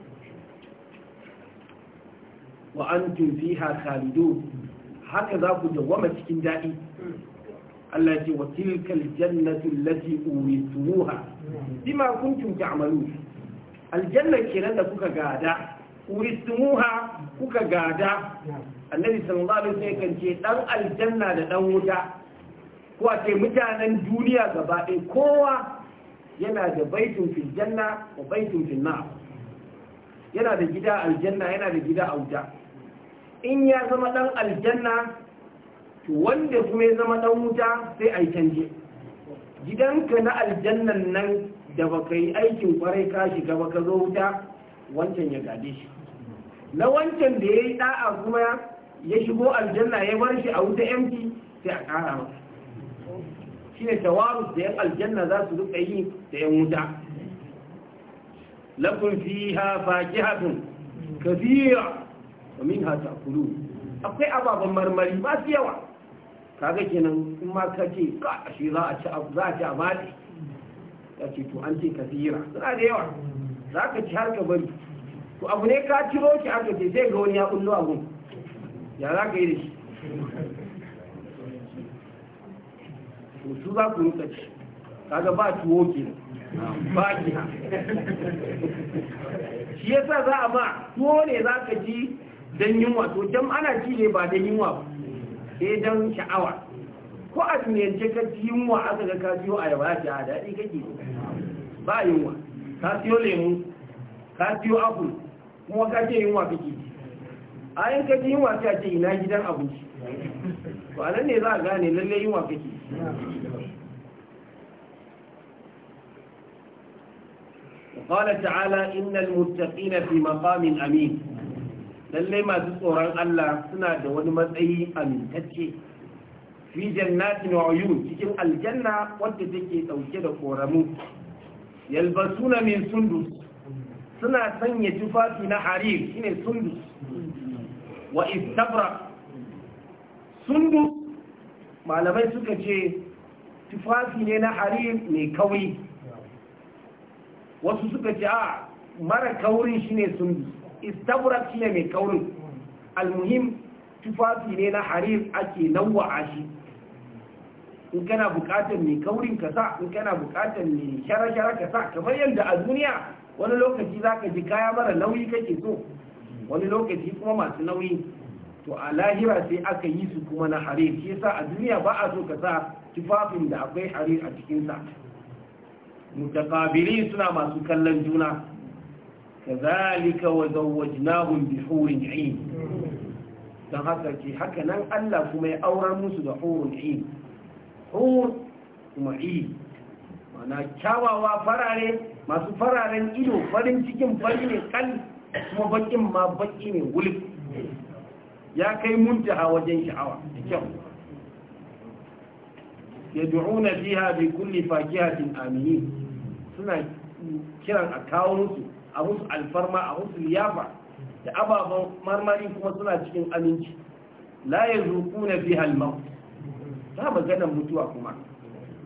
wa antum fiha khalidun haka za ku dawama cikin daɗi Allah ya ce wa tilkal jannatu allati urithuha bima kuntum ta'malun aljanna kenan da kuka gada urithuha kuka gada annabi sallallahu alaihi wasallam kan ce dan aljanna da dan wuta ko a ce mutanen duniya gaba ɗaya kowa yana da baitun fil janna wa baitun fil nar yana da gida aljanna yana da gida a wuta in ya zama ɗan aljanna wanda kuma ya zama ɗan wuta sai a yi canje gidanka na aljannan nan da ba ka yi aikin kwarai ka shiga ba ka zo wuta wancan ya gade shi na wancan da ya yi ɗa'a kuma ya shigo aljanna ya bar shi a wuta yanki sai a kara ba. shi ne tawarus da yan aljanna za su rika yi da yan wuta lakun fiha fakihatun kafiya wa min hata ta'kulu akwai ababen marmari ba su yawa kaga kenan in ma kace ka ashe za a ci za a ci a bade ya ce to an ce kasira suna da yawa za ka ci har ka bari to abu ne ka ciro ki aka ce sai ga wani ya kullo a gun ya za ka yi da shi to su za ku rika ci kaga ba tuwo kenan ba kina shi yasa za a ma tuwo ne za ka ji don yunwa to jam ana ci ne ba don yunwa ba sai don sha'awa ko a tuniyance ka ci yunwa aka ga ka ciyo ayaba ya ce a ah, daɗi kake ba yunwa ka ciyo lemu ka ciyo apple kuma ka ce yunwa kake ci a yin ka ci yunwa sai a ce ina gidan abinci to a nan ne za a gane lallai yunwa kake قال تعالى إن المتقين في مقام أمين lallai masu tsoron Allah suna da wani matsayi amintacce fi jannatin wa uyun cikin aljanna wadda take dauke da koramu yalbasuna min sundus suna sanya tufafi na harir shine sundus wa istabra sundus malamai suka ce tufafi ne na harir mai kauri wasu suka ce a ah, mara kaurin shine sundus istabrak shine mai kaurin almuhim tufafi ne na harir ake nawa shi in kana bukatar mai kaurin ka sa in kana bukatar mai shara-shara ka sa kamar yadda a duniya wani lokaci za ka ji kaya mara nauyi kake so wani lokaci kuma masu nauyi to a lahira sai aka yi su kuma na harir shi yasa a duniya ba a so ka sa tufafin da akwai harir a cikinsa mutakabiri suna masu kallon juna كذلك وزوجناهم بحور bi dan haka ce haka nan Allah kuma ya aurar musu da hurun ain hur kuma ain mana kyawawa farare masu fararen ido farin cikin farin ne kan kuma bakin ma baki ne wulif ya kai muntaha wajen sha'awa da kyau yad'una fiha bi kulli fakihatin amini suna kiran a kawo musu a alfarma a liyafa da ababen marmari kuma suna cikin aminci la ya zuku na fi halmau ta maganar mutuwa kuma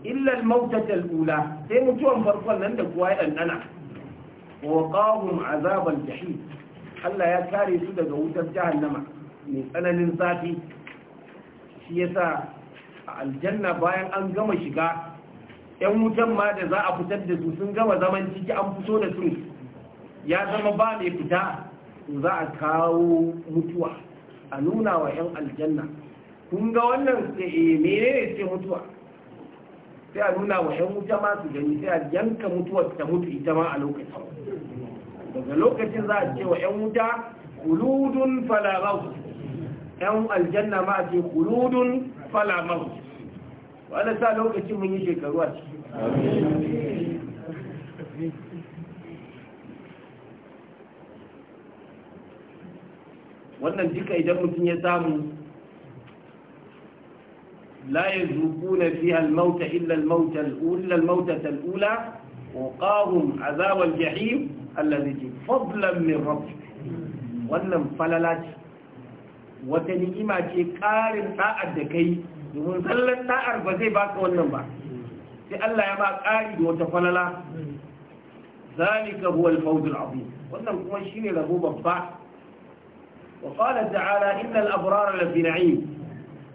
illal mautatal ula sai mutuwan farkon nan da kuwa ya ɗanɗana wa qahum azabal jahim Allah ya kare su daga wutar jahannama mai tsananin zafi shi yasa a aljanna bayan an gama shiga yan wutan ma da za a fitar da su sun gama zaman ciki an fito da su ya zama ba mai fita za a kawo mutuwa a nuna wa 'yan aljanna kun ga wannan sai eh, mene ce mutuwa sai a nuna wa 'yan wuta masu gani sai a yanka mutuwar ta mutu ita ma a lokacin daga lokacin za a ce wa 'yan wuta kuludun falamau 'yan aljanna ma a ce kuludun falamau wadda sa lokacin mun yi shekaru a ciki wannan duka idan mutum ya samu la yazuquna na al-mauta illal al-mauta al-ula al-mauta al-ula وقاهم عذاب الجحيم الذي فضلا من ربك wannan falala ce wata ni'ima ce ƙarin ta'ar da kai domin sallan ta'ar ba zai baka wannan ba sai Allah ya ba ƙari da wata falala zalika huwa al-fawz al-azim wannan kuma shi shine rabo babba وقال تعالى إن الأبرار لفي نعيم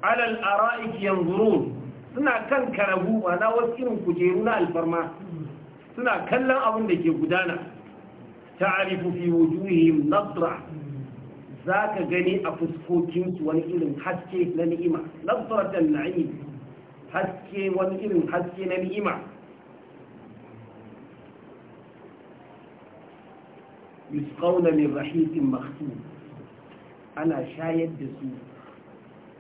على الأرائك ينظرون suna kan karabu ba na irin kujeru na alfarma suna kallon abin da ke gudana ta'arifu fi wujuhihim nadra za ka gani a fuskokinsu wani irin haske na ni'ima nadratan na'im wani irin haske na ni'ima yusqawna min rahiqin makhtum ana shayar da su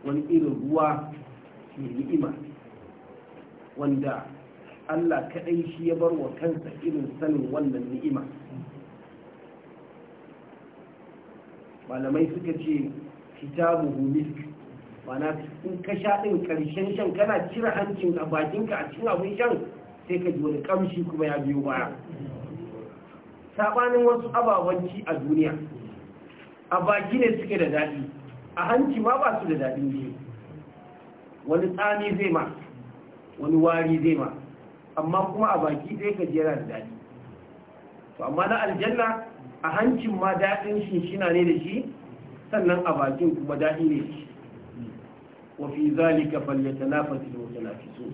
wani irin ruwa mai ni'ima wanda Allah kaɗai shi ya bar wa kansa irin sanin wannan ni'ima malamai suka ce kitabu misk mana in ka sha ɗin ƙarshen shan kana cire hancin a bakinka a cikin abin shan sai ka ji wani ƙamshi kuma ya biyo baya saɓanin wasu ababanci a duniya a baki ne suke da daɗi a hanci ma ba su da daɗin ji wani tsami zai ma wani wari zai ma amma kuma a baki zai ka jera da daɗi to amma na aljanna a hancin ma daɗin shinshina ne da shi sannan a bakin kuma daɗi ne da shi wafi zalika fasi da so.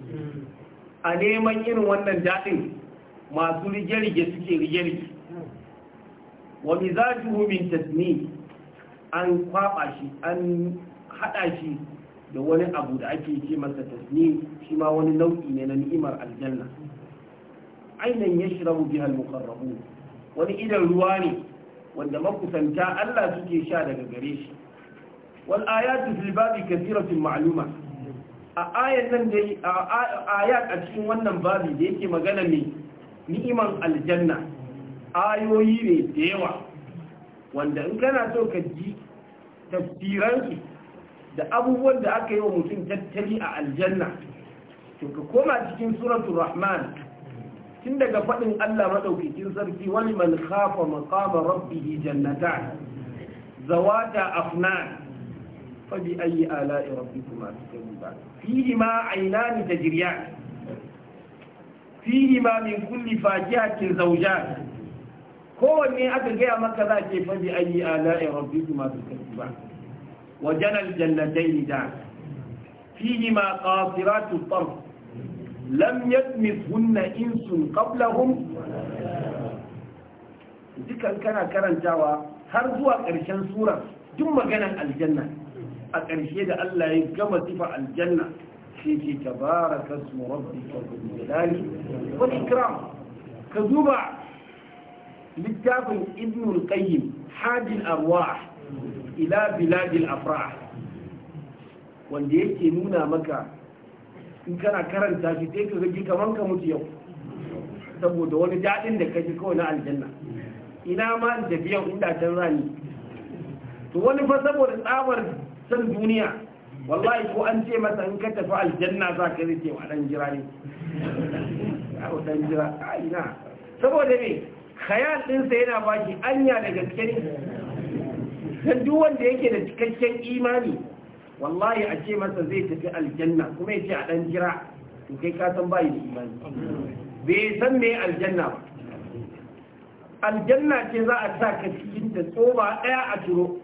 a neman irin wannan daɗin masu rige-rige suke rige-rige wa mizajuhu min tasni an kwaba shi an hada shi da wani abu da ake ce masa tasni shi ma wani nau'i ne na ni'imar aljanna ainihin ya biha al wani idan ruwa ne wanda makusanta Allah suke sha daga gare shi wal ayatu fil babi kathiratun ma'luma a ayan nan dai ayat a cikin wannan babi da yake magana ne ni'iman aljanna ayoyi ne da yawa wanda in kana so ka ji tafsiransu da abubuwan da aka yi wa mutum tattali a aljanna to ka koma cikin suratul rahman tun daga faɗin Allah maɗaukakin sarki wani man kafa maqama rabbih jannatan zawata afnan fa bi ayyi ala'i rabbikuma tukazziban fihi ma aynan tajriyan fihi ma min kulli fajihatin zaujan. kowanne aka gaya maka za ke fabi ayi ala ya rabbi su masu tafi ba wajen aljannatai ni da fihi ma qasiratu tarf lam yatmithunna insun qablahum dukan kana karantawa har zuwa ƙarshen sura duk maganan aljanna a ƙarshe da Allah ya gama sifa aljanna sai ce tabaraka ismu rabbika ka duba littafin ibnul qayyim hadil arwah ila biladil afrah wanda yake nuna maka in kana karanta shi sai ka gaji kamar ka mutu yau saboda wani daɗin da kaji kawai na aljanna ina ma in tafi yau inda can ni. to wani fa saboda tsabar san duniya wallahi ko an ce masa in ka tafi aljanna za ka zai ce wa dan jira ne a dan jira a ina saboda me khayal ɗinsa yana shi anya da gaske ne dan duk wanda yake da cikakken imani wallahi a ce masa zai tafi aljanna kuma ya ce a dan jira to kai ka san bayi da imani bai san me aljanna ba aljanna ce za a sa ka cikin da tsoba ɗaya a turo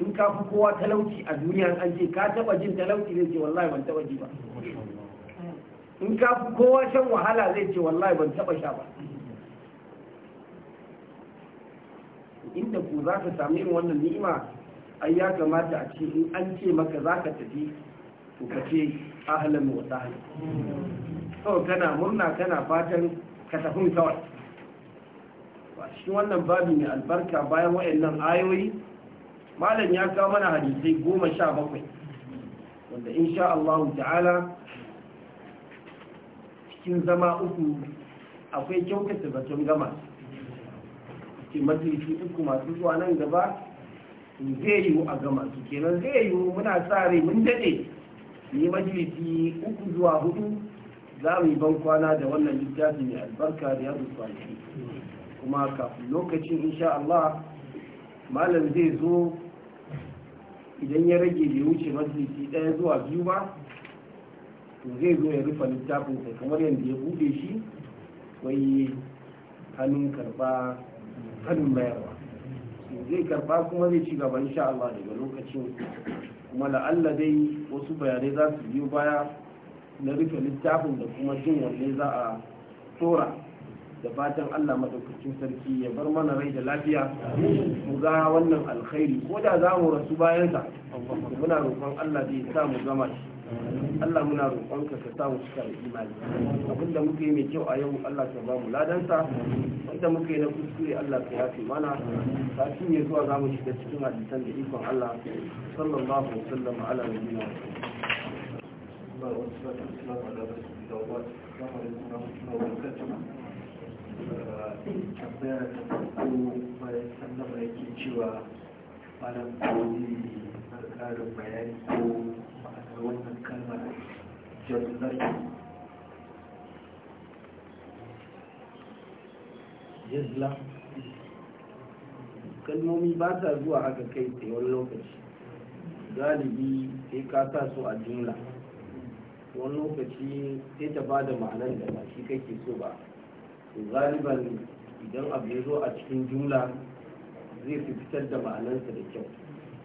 in ka fi kowa talauci a duniya an ce ka taba jin talauci zai ce wallahi ban taba ji ba in ka fi kowa shan wahala zai ce wallahi ban taba sha ba inda ku za ka sami wannan ni'ima ai ya kamata a ce in an ce maka za ka tafi to ka ce ahalan wa sahlan kawai kana murna kana fatan ka tafi kawai shi wannan babu ne albarka bayan waɗannan ayoyi malam ya kawo mana hadisai goma sha bakwai wanda insha Allah ta'ala cikin zama uku akwai kyautata batun gama ke majalisi uku masu zuwa nan gaba zai yiwu a gama su kenan zai yiwu muna sa rai mun daɗe ne majalisi uku zuwa hudu za mu yi ban kwana da wannan littafin mai albarka da yadda shi kuma kafin lokacin insha Allah malam zai zo idan ya rage bai wuce majalisi ɗaya zuwa biyu ba to zai zo ya rufe sai kamar yadda ya buɗe shi wai hannun karɓa kanin bayarwa zai karba kuma zai ci gaba insha Allah daga lokacin kuma la'alla dai wasu bayanai za su biyo baya na rufe littafin da kuma jin wanne za a tora da fatan Allah madaukakin sarki ya bar mana rai da lafiya mu ga wannan alkhairi ko da za mu rasu bayansa muna roƙon Allah zai sa mu gama shi Allah muna roƙonka ka sa mu cika da imani abin da muke mai kyau a yau Allah ka ba mu ladansa wanda yi na kuskure Allah ka yafe mana sati ne zuwa za mu shiga cikin hadisan da ikon Allah sallallahu alaihi wasallam ala nabiyina uh, ta sallama yake cewa malam bayani ko wannan kalmomi ba sa zuwa haka kai tsayon lokaci galibi sai ka sa su a jumla wani lokaci sai ta ba da ma'anar da ba shi kake so ba to galiban idan abu ya zo a cikin jumla zai fi fitar da ma'anarsa da kyau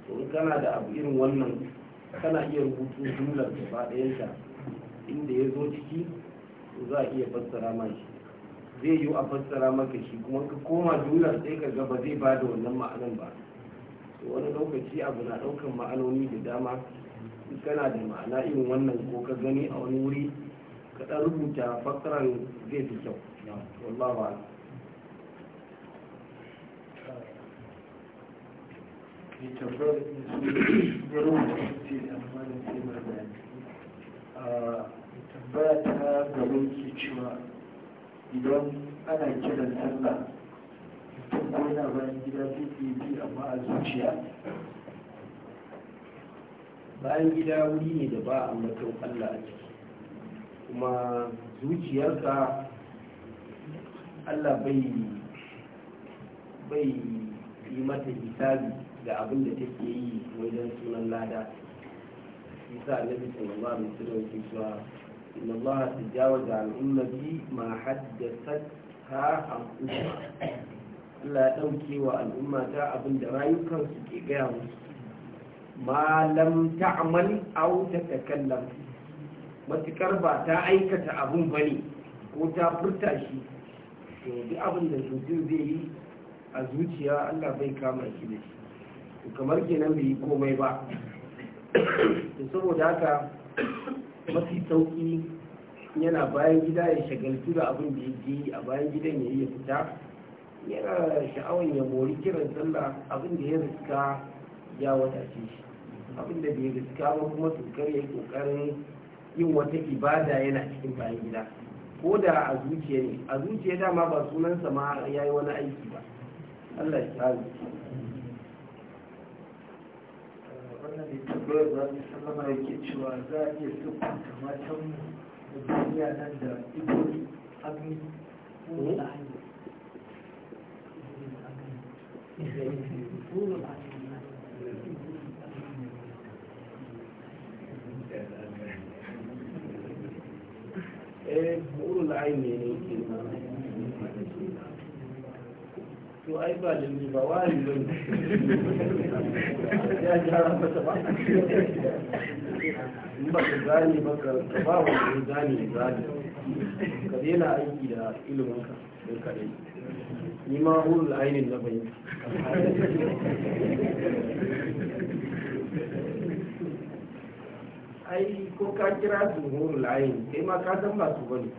to kana da abu irin wannan kana iya rubutu jumlar gaba ɗayanta inda ya zo ciki za a iya fassara ma shi zai yi a fassara maka shi kuma ka koma jumlar sai ka gaba zai ba da wannan ma'anan ba wani lokaci abu na ɗaukan ma'anoni da dama in kana da ma'ana irin wannan ko ka gani a wani wuri ka ɗan rubuta fassarar zai fi kyau wallahu tambaya ta gaban ke cewa idan ana kiran sallah mutum ko yana bayan gida zai amma a zuciya bayan gida wuri ne da ba a matan allah a kuma zuciyarka allah bai yi mata hisabi da abin da take yi wajen sunan lada isa annabi sallallahu alaihi wasallam yake cewa inna Allah tajawaza an ummati ma haddathat ha anfusa Allah ya dauke wa al'umma ta abin da rayukan su ke gaya mu ma lam ta'mal aw tatakallam matukar ba ta aikata abun bane ko ta furta shi to duk abin da zai yi a zuciya Allah bai kama shi da shi kamar kenan bai yi komai ba saboda haka mafi sauki yana bayan gida ya shagaltu da abin da yake yi a bayan gidan ya yi ya fita yana sha'awan ya mori kiran sallah abin da ya riska ya wadace shi abin da bai riska ba kuma tukar ya kokarin yin wata ibada yana cikin bayan gida ko da a zuciya ne a zuciya dama ba sunansa ma ya yi wani aiki ba allah ya tsari Ana da tabbayar ba su sallama yake cewa za a iya siffanta matan duniya nan da ibori agni ko da hanyar eh ƙurul ne ke to ai ba da ni ba wari ba ya ba in ba ka gane ba ka ba wa ka gane ya gane ka daina aiki da ilimin ka don ka ni ma hulul ainin na bayan ai ko ka kira su horo layin kai ma ka san ba su bane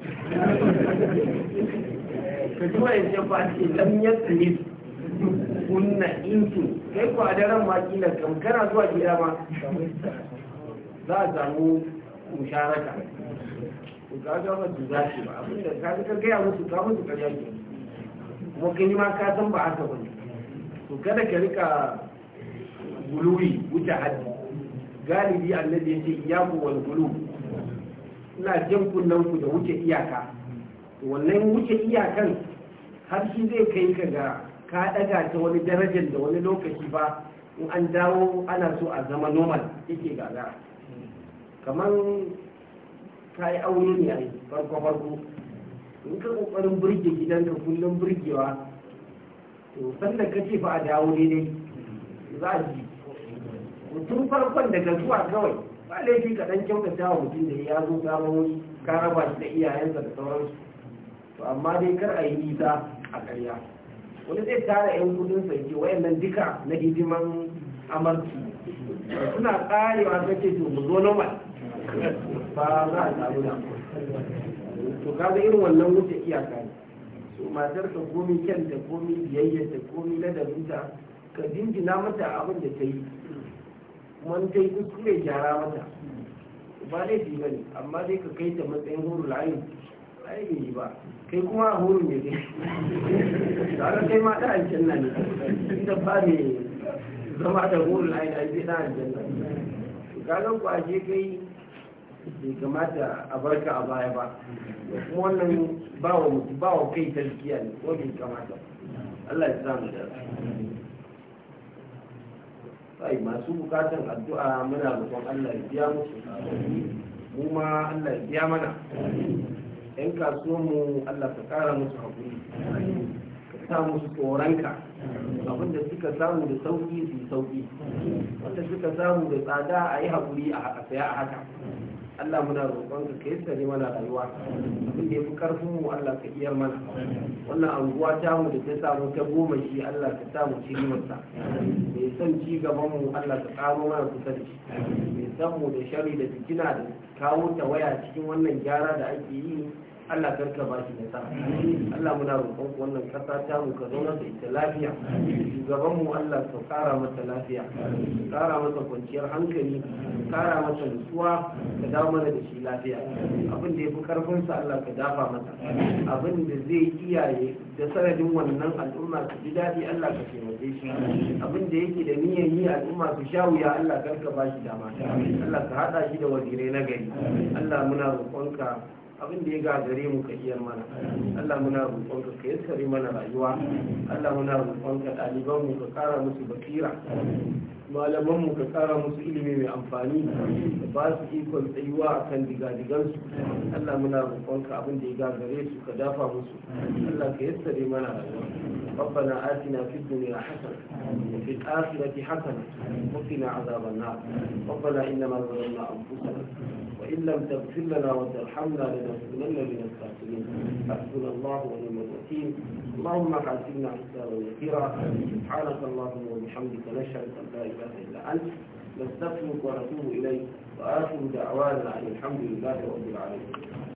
ka ji wayan ce ba ce yadda ne kunna insu kai ko a daren ma kila kam kana zuwa gida ma za a samu musharaka ku ka ga ba su za ba abinda ka ka gaya musu ka musu karya ke kuma kai ma ka san ba haka bane to kada ka rika guluri wuce hajji galibi annabi ya ce iyaku wal gulu ina jan kunnen ku da wuce iyaka wannan wuce iyakan har shi zai kai ka ga ka daga ta wani darajar da wani lokaci ba in an dawo ana so a zama normal yake gaga kamar ka yi aure ne a farko farko in ka kokarin burge gidanka kullum burgewa to sannan ka ce fa a dawo daidai za a ji mutum farkon daga zuwa kawai ba laifi ka dan ta wa mutum da ya zo ka wani ka raba shi da iyayensa da sauransu to amma dai kar a yi nisa a karya wani zai tara yan kudin sa wayan wayannan duka na hidiman amarci suna karewa sai ce to mu zo normal ba za a samu da to kaga irin wannan wuce iyaka ne to matar ka komi ta komi ta komi ladabinta ka jinjina mata abin da ta yi kuma dai kai kuskure gyara mata ba laifi ba ne amma dai ka kai ta matsayin hurul ayin ai bai yi ba kai kuma a hurul ne dai tare kai ma ta aljanna ne inda ba ne zama da hurul ayin a zai da aljanna kagan ku je kai bai kamata a barka a baya ba kuma wannan ba wa kai talkiya ne ko bai kamata Allah ya sa mu da kai masu bukatan addu'a muna roƙon Allah ya biya musu mu ma Allah ya biya mana ka kasuwan mu Allah ka kara musu haƙuri, ka sa musu tsoronka da suka samu da sauki su sauki wanda suka samu da tsada a yi hakuri a saya a haka Allah muna roƙon ka yi tsari mana rayuwa abin da ya fi karfin mu Allah ka iyar mana wannan anguwa ta mu da ta samu ta goma shi Allah ka sa mu cikin mai son ci gaban mu Allah ka ƙaro mana kusa da shi mai san mu da shari da jikina da kawo ta waya cikin wannan gyara da ake yi Allah karka ba shi nasara Allah muna roƙon wannan ƙasa ta mu ka zauna da ita lafiya shugaban mu Allah ka ƙara mata lafiya ƙara mata kwanciyar hankali ƙara mata nutsuwa ka dawo mana da shi lafiya abin da ya fi ƙarfinsa Allah ka dafa mata abin da zai iyaye da sanadin wannan al'umma su ji daɗi Allah ka taimake shi abin da yake da niyyar yi al'umma su sha wuya Allah karka ba shi dama Allah ka haɗa shi da wazirai na gari Allah muna roƙonka abin da ya gagare mu ka iya mana Allah muna roƙonka ka yassare mana rayuwa Allah muna ka ɗaliban mu ka ƙara musu basira malaman mu ka kara musu ilimi mai amfani da ba su ikon tsayuwa a kan digadigansu Allah muna roƙonka abin da ya gagare su ka dafa musu Allah ka yassare mana rayuwa rabbana atina fid dunya hasana wa fil akhirati hasana wa qina azaban nar rabbana innama zalamna anfusana wa in lam taghfir lana wa tarhamna lanakunanna min al-khasirin hasbuna Allah wa ni'mal wakeel اللهم قد سيدنا حتى لو سبحانك اللهم وبحمدك نشهد ان لا اله الا انت فتح الألف نستغفرك ونتوب إليك وآخر دعوانا أن الحمد لله رب العالمين